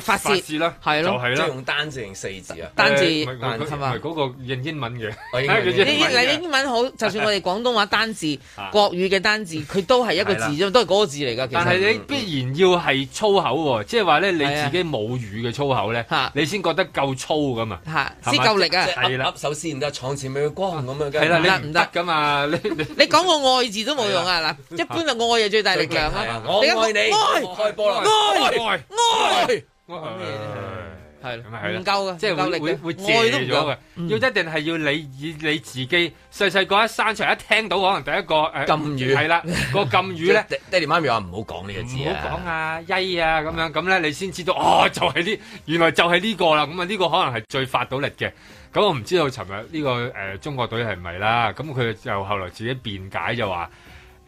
發發泄。係咯，就係咯。用單字定四字啊？單字係嘛？唔係，嗰個用英文嘅。你英文好，就算我哋廣東話單字、國語嘅單字，佢都係一個字啫，都係嗰個字嚟㗎。其實，但係你必然要係粗口喎，即係話呢，你自己母語嘅粗。口咧，你先覺得夠粗咁啊？先夠力啊！係啦，首先唔得，床前面光咁樣嘅，唔得唔得噶嘛！你你講個愛字都冇用啊！嗱了，一般就愛嘢最大力量、啊啊、我愛你，我愛開波啦！愛愛愛.係，唔夠嘅，即係會會會謝咗嘅，要一定係要你以你自己細細個一生長一聽到可能第一個誒，禁語係啦，個禁語咧，爹哋媽咪話唔好講呢個字啊，唔好講啊，曳啊咁樣，咁咧你先知道哦，就係啲原來就係呢個啦，咁啊呢個可能係最發到力嘅，咁我唔知道尋日呢個誒中國隊係唔係啦，咁佢就後來自己辯解就話。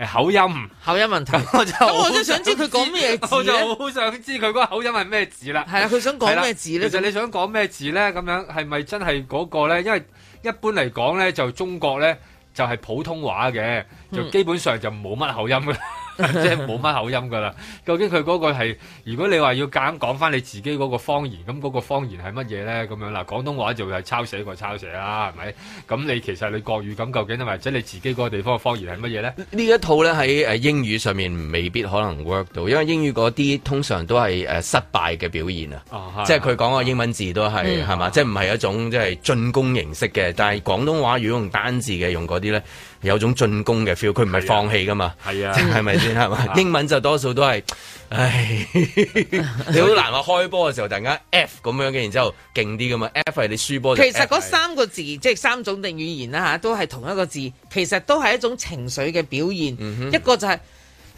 口音，口音問題。 我就，我都想知佢講咩字。我就好想知佢嗰個口音係咩字啦。係啊，佢想講咩字咧？其實你想講咩字咧？咁樣係咪真係嗰個咧？因為一般嚟講咧，就中國咧就係普通話嘅，就基本上就冇乜口音嘅。嗯 即係冇乜口音噶啦，究竟佢嗰個係？如果你話要夾硬講翻你自己嗰個方言，咁嗰個方言係乜嘢呢？咁樣啦，廣東話就係抄寫個抄寫啦，係咪？咁你其實你國語咁究竟，或者你自己嗰個地方嘅方言係乜嘢呢？呢一套呢，喺英語上面未必可能 work 到，因為英語嗰啲通常都係失敗嘅表現啊，啊即係佢講個英文字都係係嘛，啊、吧即係唔係一種即係進攻形式嘅，但係廣東話如果用單字嘅用嗰啲呢。有種進攻嘅 feel，佢唔係放棄噶嘛？係啊，係咪先？係嘛？英文就多數都係，唉，你好難話開波嘅時候突然間 F 咁樣嘅，然之後勁啲噶嘛？F 係你輸波就。其實嗰三個字，即係三種定語言啦嚇，都係同一個字，其實都係一種情緒嘅表現。一個就係，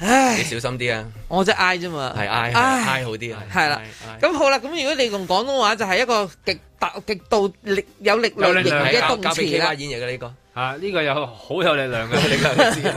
唉。你小心啲啊！我即係哀啫嘛。係哀，係哀好啲。係啦，咁好啦，咁如果你用廣東話就係一個極。達極度力有力量嘅台詞啦，啊、你演員嘅呢個，啊呢、這個有好有力量嘅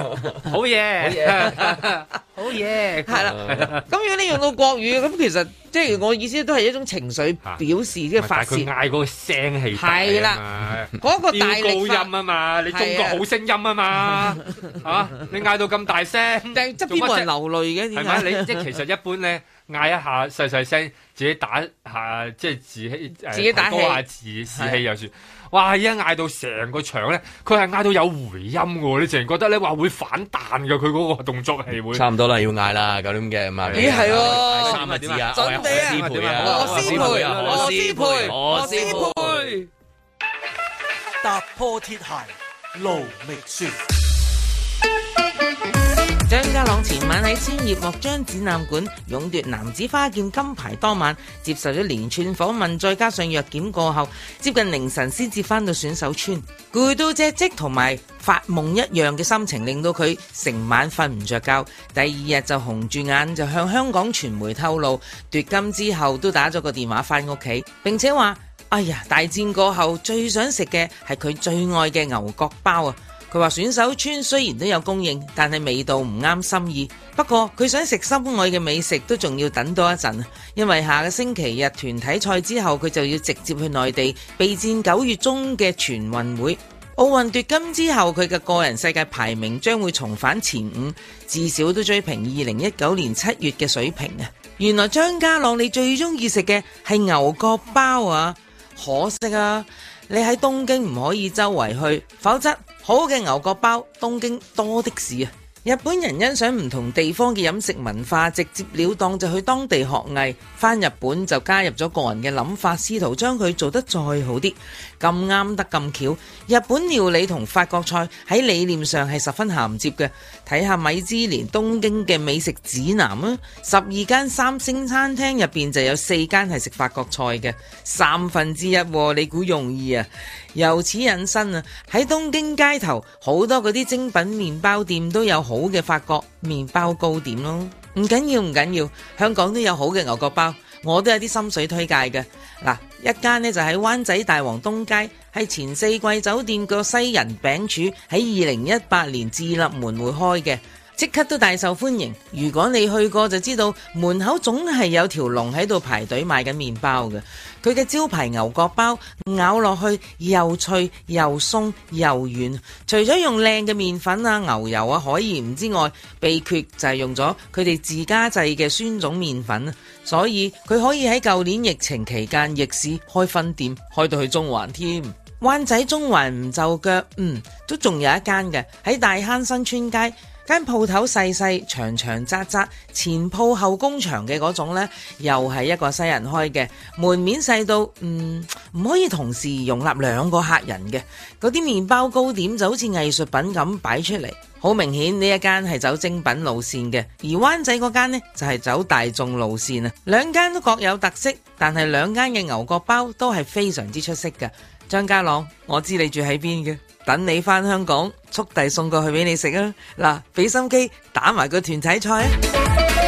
好嘢，好嘢，好嘢，係啦。咁如果你用到國語，咁其實即係我意思都係一種情緒表示嘅、啊、發洩，嗌嗰個聲氣係啦，嗰、啊、個大高音啊嘛，你中國好聲音啊嘛， 是啊 啊你嗌到咁大聲、啊，即邊個流淚嘅？係嘛，你即係其實一般咧。嗌一下細細聲，自己打下即係自己誒，高下自士氣又算。哇！依家嗌到成個場咧，佢係嗌到有回音喎，你淨係覺得你話會反彈嘅，佢嗰個動作係會。差唔多啦，要嗌啦，九點嘅啊嘛。咦係哦，準備啊，何師培！何師培！何師培，踏破鐵鞋路未熟。張家朗前晚喺千葉幕張展覽館勇奪男子花劍金牌，當晚接受咗連串訪問，再加上藥檢過後，接近凌晨先至翻到選手村，攰到只積同埋發夢一樣嘅心情，令到佢成晚瞓唔着覺。第二日就紅住眼，就向香港傳媒透露奪金之後都打咗個電話翻屋企，並且話：哎呀，大戰過後最想食嘅係佢最愛嘅牛角包啊！佢話：他說選手村雖然都有供應，但係味道唔啱心意。不過佢想食心愛嘅美食，都仲要等多一陣。因為下個星期日團體賽之後，佢就要直接去內地備戰九月中嘅全運會。奧運奪金之後，佢嘅個人世界排名將會重返前五，至少都追平二零一九年七月嘅水平啊！原來張家朗，你最中意食嘅係牛角包啊，可惜啊！你喺東京唔可以周圍去，否則好嘅牛角包東京多的是啊！日本人欣賞唔同地方嘅飲食文化，直接了當就去當地學藝，返日本就加入咗個人嘅諗法，試圖將佢做得再好啲。咁啱得咁巧，日本料理同法國菜喺理念上係十分銜接嘅。睇下米芝蓮東京嘅美食指南啊，十二間三星餐廳入邊就有四間係食法國菜嘅，三分之一啊。你估容易啊？由此引申啊，喺東京街頭好多嗰啲精品麵包店都有好嘅法國麵包糕點咯。唔緊要，唔緊要，香港都有好嘅牛角包。我都有啲心水推介嘅，嗱，一間呢就喺灣仔大王東街，係前四季酒店個西人餅廚，喺二零一八年自立門會開嘅，即刻都大受歡迎。如果你去過就知道，門口總係有條龍喺度排隊買緊麵包嘅。佢嘅招牌牛角包咬落去又脆又鬆又軟，除咗用靚嘅麵粉啊牛油啊海鹽之外，秘訣就係用咗佢哋自家製嘅酸種麵粉，所以佢可以喺舊年疫情期間逆市開分店，開到去中環添。灣仔中環唔就腳，嗯，都仲有一間嘅喺大坑新村街。間鋪頭細細長長窄窄，前鋪後工場嘅嗰種呢，又係一個西人開嘅，門面細到唔唔、嗯、唔可以同時容納兩個客人嘅，嗰啲麵包糕點就好似藝術品咁擺出嚟，好明顯呢一間係走精品路線嘅，而灣仔嗰間呢，就係、是、走大眾路線啊，兩間都各有特色，但係兩間嘅牛角包都係非常之出色㗎。張家朗，我知你住喺邊嘅。等你返香港，速遞送過去俾你食啊！嗱，俾心機打埋個團體賽啊！